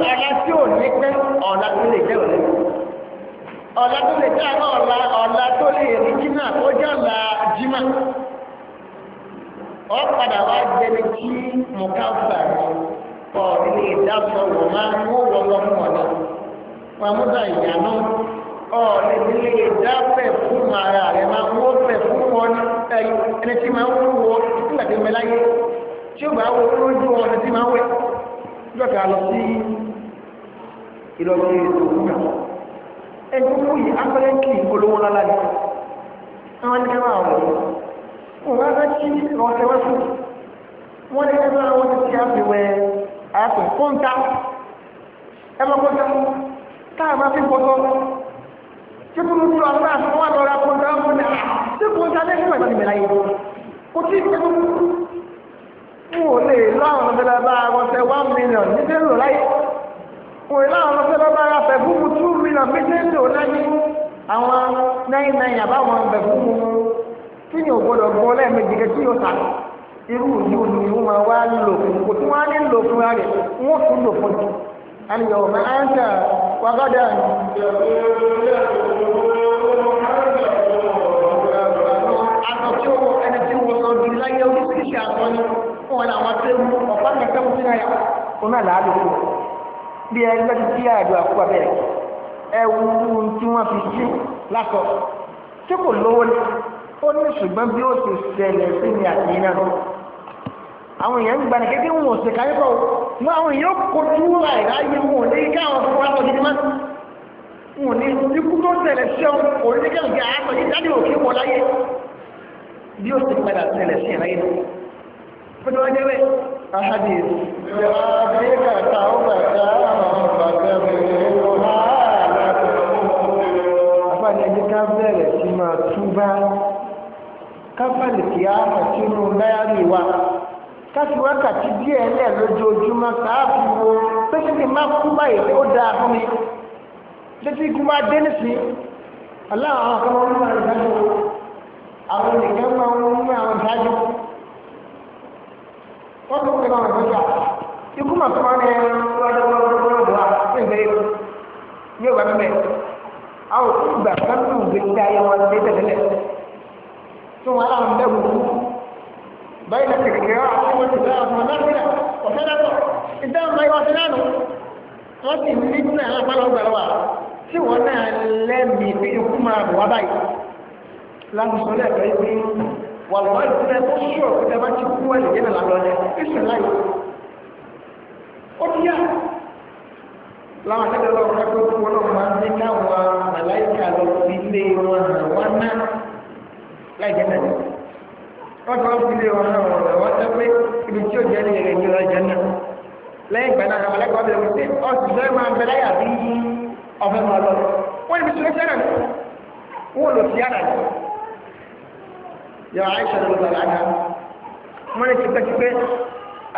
Speaker 2: ọ̀la tí ò ní pẹ́ ọ̀la tó lè jẹ́ òní. ọ̀la tó lè jẹ́ àná ọ̀la ọ̀la tó lè rí jimá ó jẹ́ ọ̀la jimá.
Speaker 1: ọ padà wá jẹni tí mo ká fà ọ ilé ìdásọ wò máa ń mú wọlọ fún ọ̀la. pàmùdà ìyànà ọ lè nílé ìdáfẹ́ fún ara rẹ̀ máa ń wó fẹ́ fún wọn
Speaker 2: ẹni tí máa ń wúwo nígbà tí mo láyé tí ó bá wo lójú ọ̀nà tí máa ń wẹ̀ lọ́kà lọ sí ìlọ́gbọ́n yìí tó kú yàn ẹni tó kú yìí afẹ́lẹ́ kì í polówó lálá ni àwọn ní kẹ́wàá àwọn òun wá fẹ́ kí ọ̀sẹ̀ wá sùn wọ́n ní ah, kẹ́wàá àwọn ti ti àbẹ̀wẹ̀ àpẹ̀ kọ́ńtà ẹ máa kọ́ńtà táà máa fi bọ́tọ́ tí kò ní kúrò àwọn àti wọn lọ́ra kọ́ńtà wọn ní à tí kọ́ńtà lẹ́yìn ìgbà ìgbà
Speaker 1: yìí kò
Speaker 2: tí ì n ò lè lọ àwọn ọmọdé lọ bá àwọn ọ̀sẹ̀ one million ní bẹ́ẹ̀ lò láyé òun ìlànà àwọn fẹ́ bá bára fẹ́ fún mu tú mi náà méjèèjì ò náà ní àwọn náírà náírà àbáwọn bẹ̀ fún mu tí yóò gbọ́ lẹ́ẹ̀mejì yóò irú yìí ò ní máa wá lò fún kò tí wọ́n á ni. ẹni tí wọ́n sọ di láyé oríṣiríṣi bí ẹgbẹ́ ti di àdó àkókò abẹ́rẹ́ ẹ wú ohun tí wọ́n fi sí lásọ tí kò lówó ni ó ní ṣùgbọ́n bí ó
Speaker 1: ti ṣẹlẹ̀ sí ni àtìyìn náà
Speaker 2: àwọn èèyàn ń gbani kékeré wọn ò sì káyé kọ́ mọ àwọn èèyàn kò tú àìráyé wọn ò ní káwọn fún wa lọ́dún mọ́ wọn ò ní ikú tó ṣẹlẹ̀ sí ọ kò ní kékeré àtọ̀yé jáde òkè wọ láyé bí ó ti padà ṣẹlẹ̀ sí ẹ̀ráyé náà fún wọn jẹ́wẹ́. ahadi ṣe kàtà ó bàtà àwọn bàtà bẹ̀rẹ̀ ó hà látọ̀. afáàní ẹjẹ́ ká bẹ̀rẹ̀ sí máa túbá káfàlì kì á mọ̀ sínú dáyàrí wa káfí wákàtí díẹ̀ lẹ̀ lójoojúmọ́ káàfi wo pé kí ni má kú báyìí ó dáa fún mi títí kú bá dé nísìnyí aláwọn akọ́wọ́n máa ń dájú àwọn nìkan máa ń mú àwọn dájú. wọ́n tún kọ́ ọ̀rọ̀ nígbà ikú mà tó wọn ní wájú wọn tó wọn lọ́wọ́ àti ìgbé yóò wá mẹ́mẹ́ àwọn ìgbà kan tó ń gbé ní ayé wọn wọn àwọn ọmọdé báyìí na kìkìkìrì wọn àti wọn ti sọ àwọn ọmọdé ìdáhùn báyìí wọn ti
Speaker 1: wọn ti ní tí wọn
Speaker 2: náà pé ikú máa wá báyìí
Speaker 1: wàlúwà ìdílé tó sùn òkúta bá ti kú ẹ̀lẹ́ yẹn lálọ́ yẹn ìsìn láyé
Speaker 2: ó ní yá láwọn akẹ́kọ̀ọ́ lọ́wọ́ kápẹ́ fún wọn náà máa ń ní káwọn màláìka lọ sí ilé wọn hàn wọn ná láì jẹ́ tẹ̀lé wọ́n ti wọ́n fi ilé wọn hàn wọn hàn wọ́n tẹ́ pé ibi tí ó jẹ́ ní ẹ̀rẹ́ ìjọba jẹ́ náà lẹ́yìn ìgbà náà àwọn akẹ́kọ̀ọ́ bẹ̀rẹ̀ wípé ọ̀sùn lọ́wọ́ máa ń bẹ láyà bí ọ̀fẹ́ máa lọ wọ́n ibi tí ó fẹ́ràn wọ́n lò sí àrà yìí. yọ àìsàn ló gbà lága wọn ní tipẹ́tipẹ́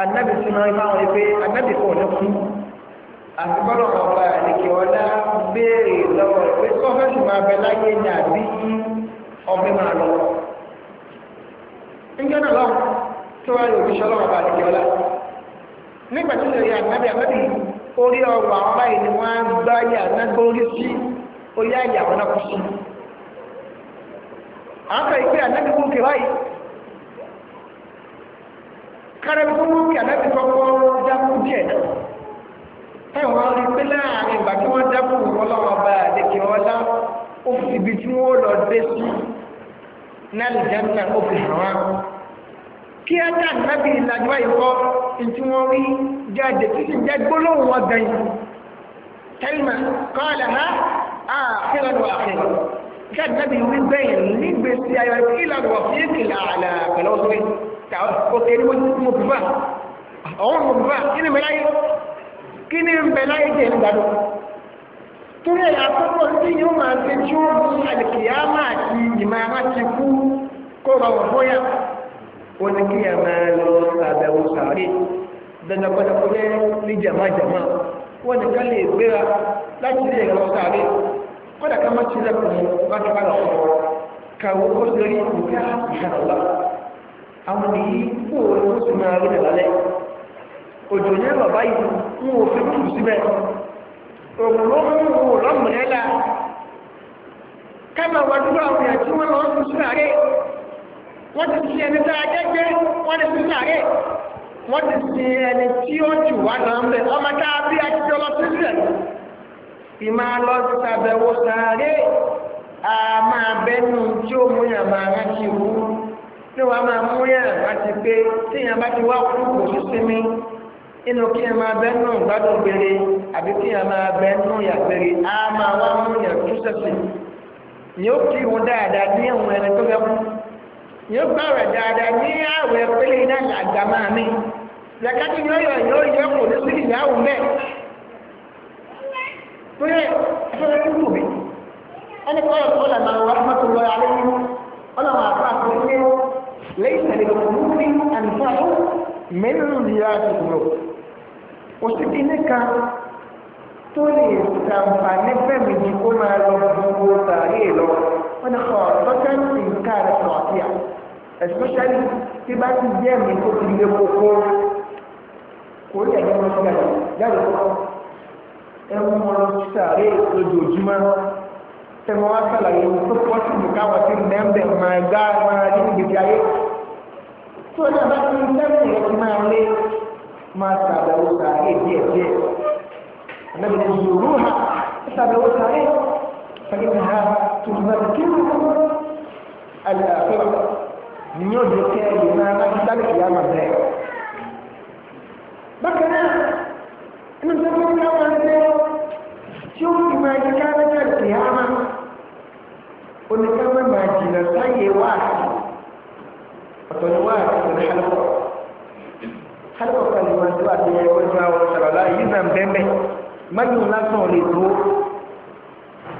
Speaker 2: anabi sí máa ń bá wọn pé anabi kò ní kú àti ọba àdìkì ọ̀dá béèrè lọ́wọ́ pé sọ́fẹ́sì máa bẹ láyé ní àbí ọbẹ̀ máa lọ. lọ́wọ́ ọba àdìkì nígbà tí lè rí anabi anabi orí ni wọ́n á sí orí àyà wọn náà kú sí àwọn kan ìpè ànábì kò kè báyìí kárẹ́bí tó wọ́n kí ànábì kọ́kọ́ dákú díẹ̀ náà táyà wọn rí pé láàrin ìgbà tí wọ́n dákú ọlọ́wọ́ bá àdékè ọlá ó fi ibi tí wọ́n lọ dé sí náà lè jẹ́ náà ó fi hàn wá kí á dá ànábì ìlàjọ́ àyíkọ́ tí wọ́n rí jáde títí jẹ́ gbólóhùn wọn gbẹ̀yìn tẹ́lẹ̀ kọ́ àlẹ́ ha
Speaker 1: àfẹ́rẹ́ lọ àfẹ́rẹ́
Speaker 2: kí àdínábì wí bẹ́yìn nígbèsí ayọ̀ kí ìlànà wà fún èkìlà àlà pẹ̀lú ọ̀sẹ̀
Speaker 1: kà òkè
Speaker 2: ní mo bù bá ọ̀hún mo bù bá kí ni mẹ́láyé kí ni mẹ́láyé jẹ́ ìgbàdùn torí ẹ̀ àkọ́kọ́ tí yóò máa ṣe tí ó mú àlìkìyàmá àti ìmọ̀ ara ti kú kó rọrùn fóyà
Speaker 1: ó ní kí ẹ máa lọ
Speaker 2: sàbẹ̀wò sàárè dandanpadà kó jẹ́ ní jàmájàmá wọ́n nìkan lè gbéra láti lè lọ sàárè kọ́dà ká má ti lẹ́kùn ní bákẹ́bàlà ọ̀rọ̀ kàwé ó ti rí ìgbà ìṣàlọ́lá àwọn èyí kó o ó ti máa rí nàlálẹ́ òjò ní ẹ̀rọ báyìí ń wo fi tù síbẹ̀ òun ló ń wo lọ́mùrẹ́là kábà wà dúró àwọn èèyàn tí wọ́n lọ sí sáré wọ́n ti ṣe ẹni tá a jẹ́gbẹ́ wọ́n ti sí sáré wọ́n ti ṣe ẹni tí ó jù wá náà ń ọmọ tá a bí a ti jọ lọ ìmọ̀ lọ sàbẹ̀wò sàárè àmọ́ abẹ́nu tí ó mú yàn máa rántí wú ní wàá máa mú yàn láti pé tíyàn bá ti wá kú kò sí sinmi inú kí yàn máa bẹ́nu gbádùn gbére àbí kí yàn máa bẹ́nu yàgbére àmọ́ wá mú yàn tú sẹ́sì ni ó kí wọn dáadáa ní àwọn ẹni tó fẹ́ kú ni ó gbàrà dáadáa ní àwẹ̀ pélé náà àgbà máa mi lẹ́kàtí yóò yọ yóò yẹ kò ní sí ìyá òun pé ẹ̀fẹ́ tó wù mí ẹni kọ́ ẹ̀kọ́ lẹ́nu àwọn akọ́tòlọ́ àlẹ́yìn ọlọ́run àfáàfọ́ ilé lẹ́yìn tẹ̀lé ọkùnrin ànífààfọ́ mẹ́rin ìyá ìṣòro òṣìṣẹ́ nìkan tó lè ṣàǹfààní fẹ́mi ju kó máa lọ gbogbo tààrí lọ wọ́n ní kọ́ ọ̀tọ́tẹ́ nǹkan rẹ̀ sọ̀rọ̀ sí à especially tí bá ti jẹ́ mi tó ti lé koko kò ní ẹ̀jẹ̀ mọ́ ẹ̀wọ̀n ọ̀rọ̀ sàárè lójoojúmọ́ tẹ̀wọ́n wá sàlàyé tó pọ̀ sí mi káwọn sí nẹ́ẹ̀mbẹ̀ máa gbá máa rí ìgbésí ayé tó ní abájú sẹ́yìn rẹ̀ ti máa lé máa sàbẹ̀wò sàárè díẹ̀ díẹ̀ ànábi ní yòrò ha sàbẹ̀wò sàárè fẹ́yìn ha tó ń bá kí ló ń bọ́ àlàáfíà ní yóò dé kẹ́ ẹ̀yìn náà láti sáré ìyá màbẹ́ bákan náà inú sẹ́yìn náà tí ó fi máa di káfíńtà sí àmà oníkàwé máa jìnnà sáyé wáàsí ọ̀tọ̀ ni wáàsí ní hálùkọ̀ hálùkọ̀ kan ní wọn tó àti ẹ̀kọ́ ìjọ àwọn sàrọ̀lá yìí nà ń bẹ́ẹ̀ bẹ́ẹ̀ mẹ́yìn lásán lè tó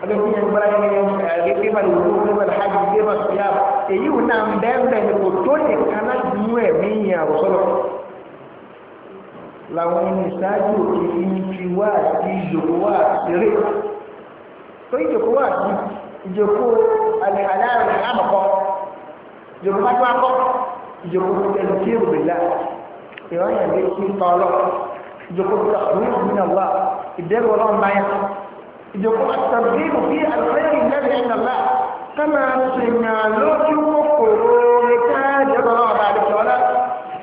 Speaker 2: ọlọ́sìn yẹn gbọ́dọ̀ yẹn ẹ̀ẹ́dẹ́ bá lè wúlò wúlò bá lè hajj bá sọ̀yà èyí wò nà ń kò tó nìkan láti mú ẹ̀mí yẹn àwòsọ́lọ́ làwọn oníṣáájú òkè ń fi wá àti ìjòkó wá àṣírí tó ìjòkó wá àti ìjòkó aláàrẹ àmọ̀kọ́ ìjòkó bá tó akọ́ ìjòkó tẹ̀lé tí èrò bèlà ìwọ́n yẹn lè kí tọ́ lọ ìjòkó tó àkùnrin ìdúnà wà ìdẹ́rù ọlọ́run báyà ìjòkó àtàbíyèmù bí àlùfẹ́rẹ́ ìlẹ́rìí ẹ̀ nàlá kama sènyà lójú kòkòrò ní ká ìjọba ọba àdìsọ́lá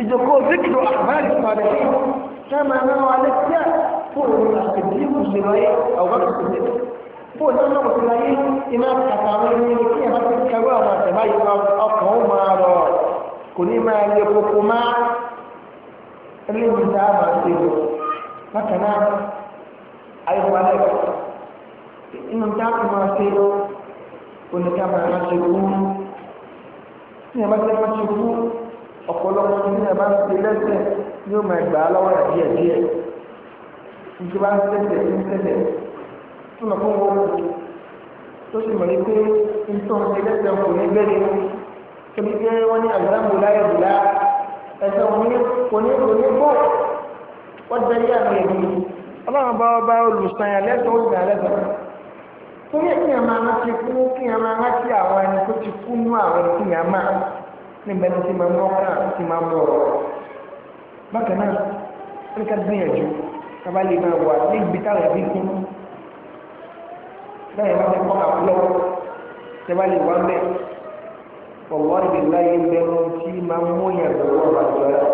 Speaker 2: ìjòkó zikiru àkùnrin àdìsọ́lá كما نرى لك فول الصديق الجراية أو بكر الصديق
Speaker 1: فول أنا مسلمين إمام حسامين من كي هذا الكوارع تبعي أقوم على
Speaker 2: كل ما يقوم اللي مسامع سيده مثلا أيوة لك إنهم تعرفوا ما سيده oníkàmà aṣèkú ní ẹ̀bá tí wọ́n ṣe kú ọ̀pọ̀lọpọ̀ ní ẹ̀bá ti lẹ́sẹ̀ yóò máa gbà á lọ́wọ́ rẹ̀ díẹ̀ díẹ̀ nítorí bá ń tẹ̀sẹ̀ ń tẹ̀sẹ̀ tó lọ fún wọn tó sì mọ̀ ní pé nítorí wọn ti lẹ́sẹ̀ kò ní bẹ́ẹ̀ ni kébí pé wọ́n ní àgbàlagbò láyé bùlá ẹ̀sẹ̀ òní òní bò wọ́n darí àmì ẹ̀mí ọlọ́run bá ọba olùsanyà lẹ́sẹ̀ ó gbà lẹ́sẹ̀ torí ẹ̀ kí ẹ̀ máa rántí kú kí ẹ̀ máa rántí àwọn ẹni tó ti kú nú àwọn ẹni tí ẹ̀ máa nígbà tí máa mọ́ kàn tí máa mọ́ ọ̀rọ̀ bákan náà wọ́n ká gbìyànjú kábà lè máa wà níbi táwọn ẹbí kún báyìí wọ́n ti kọ́ àpúlọ́ kábà lè wá mẹ́ ọ̀wọ́ ìdè láyé mẹ́rin tí máa ń mú yàn lọ́wọ́ ọ̀rọ̀ àjọ rẹ̀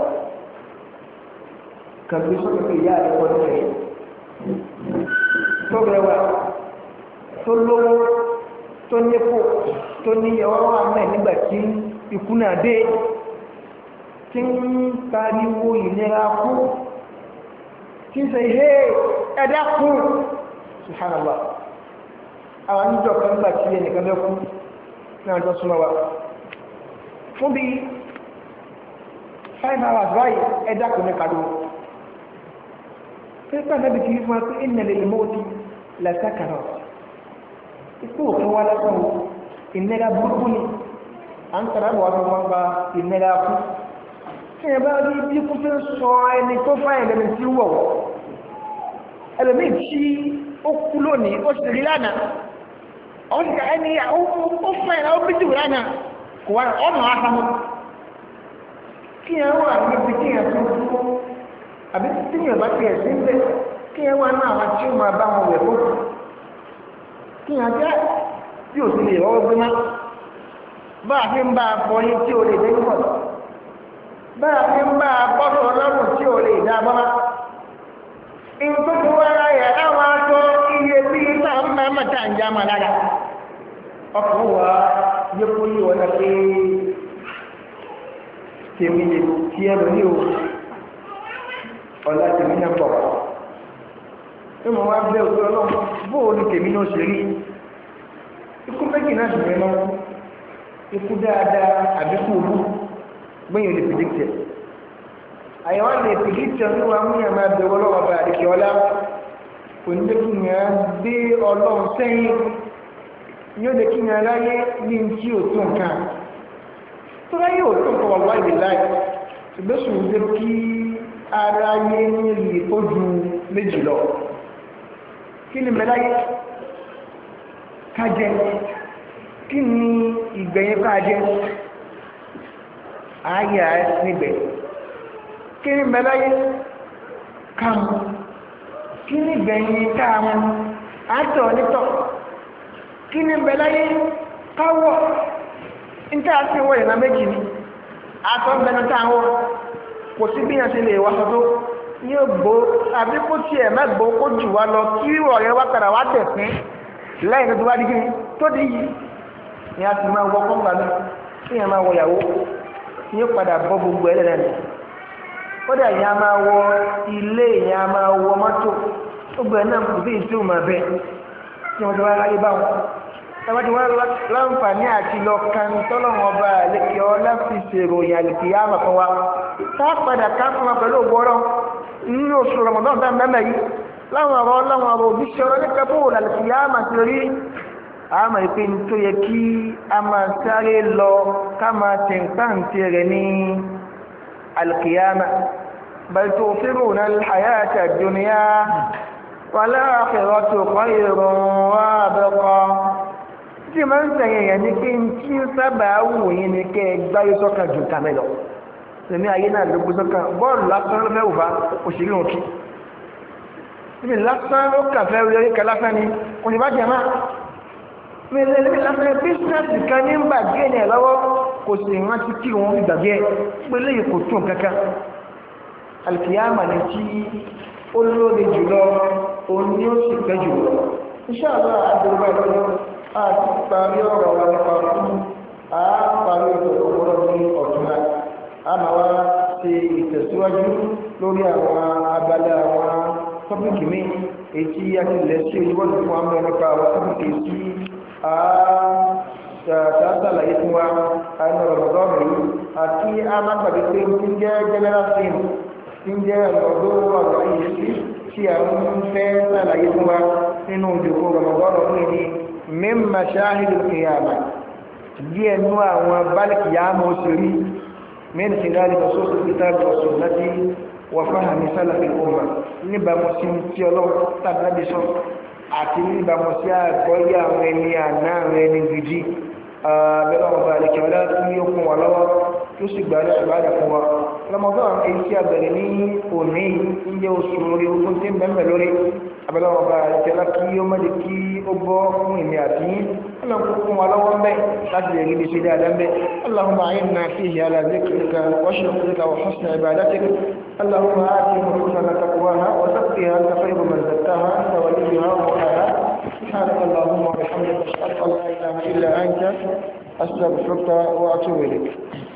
Speaker 2: kàgbé sọ́kè pé ìyá rẹ̀ wọ́n tẹ̀ tó tó lówó tó nípò tó níyàwó wà mẹ́ nígbà tí ikú dé tí ń pariwo ìnira kú tí ń sẹ ihe ẹ̀dá kú subhanallah àwọn níjọ kan gbà tí ẹnìkan bẹ́ kú náà jọ súnmọ́ wa fún bí five hours báyìí ẹ̀dá kò ní pariwo pépà náà bí kì í fún wa pé inna lil mawti la sakarat ikú òfin wa lásán ìnira burúkú ni à ń tẹ̀lé àwọn ọmọ wọn gba ìnira kú. ẹ bá rí bí fi fẹ́ sọ ẹni tó fà ẹlẹ́mì tí wọ̀ wọ́ ẹlẹ́mì tí ó kú lónìí ó sì rí lánàá ó ẹni ó ó bí jù lánàá kò wá ọ̀nà àtàmọ́ kí ẹ kí ẹ tó dúró àbí tí ẹ bá tiẹ̀ sí ń kí ẹ tí ó máa bá wọn wẹ̀ kí ẹ jẹ́ bí lè gbé má bá a fi ń bá a tí o lè bẹ́ẹ̀ fi ń bá a bọ́dọ̀ ọlọ́run tí ò lè dá bọ́lá. ìtútù wára yẹ àwọn aṣọ iye bí iná máa ń mọ̀tà ń já máa dára. ọkùnrin wa yẹ kó yí wọn pé tèmi lè ti ẹ ní o ọ̀la tèmi náà pọ̀. wá bẹ́ẹ̀ òkú ọlọ́run bóò ni tèmi náà ṣe rí? ikú méjì náà gbẹ̀yìn lè predict ẹ̀ àyẹ̀wò lè predict ẹ̀ níwà mú yàn máa bẹ̀rù ọlọ́wọ́ bá àdìkì ọlá kò ní kí yàn gbé ọlọ́run sẹ́yìn yóò lè kí yàn láyé ní tí ò tó nǹkan tó láyé ò tó nǹkan wà wá láì ṣùgbọ́n sùn lè ara yé ní ìlú ojú méjì lọ kí ni mẹ́láyé kájẹ kí ni ìgbẹ̀yìn kájẹ ayé ẹ níbẹ̀ kí ni bẹ́ẹ̀ láyé ká mu kí ni bẹ̀yìn ká mu àtọ̀ nítọ̀ kí ni bẹ́ẹ̀ láyé ká wọ̀ níta àti wọ̀ ìlànà méjì ni àtọ̀ ń bẹnu tá à ń wọ̀ kò sí bí yẹn ti lè wá sọ́tọ̀ ní ògbó àbí kó tiẹ̀ má gbó kó jù wá lọ kí ọ̀rẹ́ wá padà wá tẹ̀ fún lẹ́yìn tó ti wá di ni tó di yìí ni a ti máa wọ kọ́ńgbà náà kí yẹn máa wọ ìyàwó yóò padà bọ́ gbogbo ẹ̀ lẹ́nu kódà yẹn a máa wọ ilé yẹn a máa wọ mọ́tò gbogbo ẹ̀ náà kò sí ìtumọ̀ mà bẹ́ẹ̀ tí wọ́n ti wá láyé báwọn tàbí tí wọ́n láǹfààní àti lọ kan tọ́lọ́wọ́n ọba àlekè ọ láti ṣèròyìn àlekè yá àmà fún wa ká padà ká fún wa pẹ̀lú ògbọ́rọ̀ nínú oṣù rọmọdọ́n tá mẹ́mẹ́ yìí láwọn ọ̀rọ̀ láwọn ọ̀rọ̀ òbí ṣe ọ̀rọ̀ nípa àmọ́ ìpè tó yẹ kí a máa sáré lọ ká máa tẹ̀ǹpáǹtì rẹ̀ ní alkiyama bal tu'thiruna al-hayata ad-dunya wal-akhiratu khayrun wa abqa tí máa ń sẹ̀yìn èèyàn ní pé tí ń sábà wù yín ni kẹ́ ẹ gbáyé sọ́kàn jù tàmí lọ tèmi ayé náà ló gbé sọ́kàn bọ́ọ̀lù lásán ló fẹ́ wù bá òṣèré òkè tèmi lásán ló kà fẹ́ rí orí kan lásán ni kò ní bá jẹ máa
Speaker 1: pẹ̀lẹ́ bísínẹ́sì kan ní gbàgbé ẹ̀ lọ́wọ́
Speaker 2: kò sì rántí kí wọ́n fi gbàgbé ẹ̀ pẹ̀lẹ́ yìí kò tún kankan alìkìyàmà ni tí ó lóde jùlọ òun ni ó sì pẹ́ jùlọ iṣẹ́ àlọ́ àdúgbò ìlú àti parí ọ̀rọ̀ wa nípa fún a parí ọ̀rọ̀ ọ̀rọ̀ ní ọ̀túnla a máa wá ṣe ìtẹ̀síwájú lórí àwọn abala àwọn tọ́pìkì mi èyí tí a ti lẹ̀ sí ojúbọ̀dù fún amúlẹ̀ nípa àwọn tọ́pìkì ṣàtàlàyé fún wa àìní ọ̀rọ̀dọ́ mi àti alágbàdo pé ń jẹ́ general film ń jẹ́ ọ̀rọ̀dọ́ ọ̀rọ̀ yìí tí a ń fẹ́ ṣàlàyé fún wa nínú ìjòkó ọ̀rọ̀dọ́ mi ni mímọ̀ ṣáàhìlì kìyàmà díẹ̀ nú àwọn bálẹ̀ kìyàmà òṣèré من خلال نصوص الكتاب والسنة وفهم سلف الأمة نبا مسلم تيولوج تنبي صلى àti níbàmọ̀ sí àgbọ́yé àwọn ẹni àná àwọn ẹni gidi bẹ́ẹ̀ bá wọn bá yóò kún wa lọ́wọ́. yóò sì gbàdá ìbáda fún wa Ramadan èyí tí a bẹ̀rẹ̀ ní òní ń jẹ́ oṣù lórí ogun tí ń bẹ̀mẹ̀ lórí abẹ́lẹ́ bá ìtẹ́lá kí ó má lè kí ó bọ́ fún ìmì àti yín ọlọ́run kó fún wa lọ́wọ́ ńbẹ́ láti lè rí ibi ṣe dáadáa ńbẹ́ اللهم أعنا فيه على ذكرك وشكرك وحسن عبادتك اللهم آت نفوسنا تقواها وزكها أنت خير من زكاها أنت وليها ومولاها سبحانك اللهم وبحمدك أشهد أن لا إله إلا أنت أستغفرك وأتوب إليك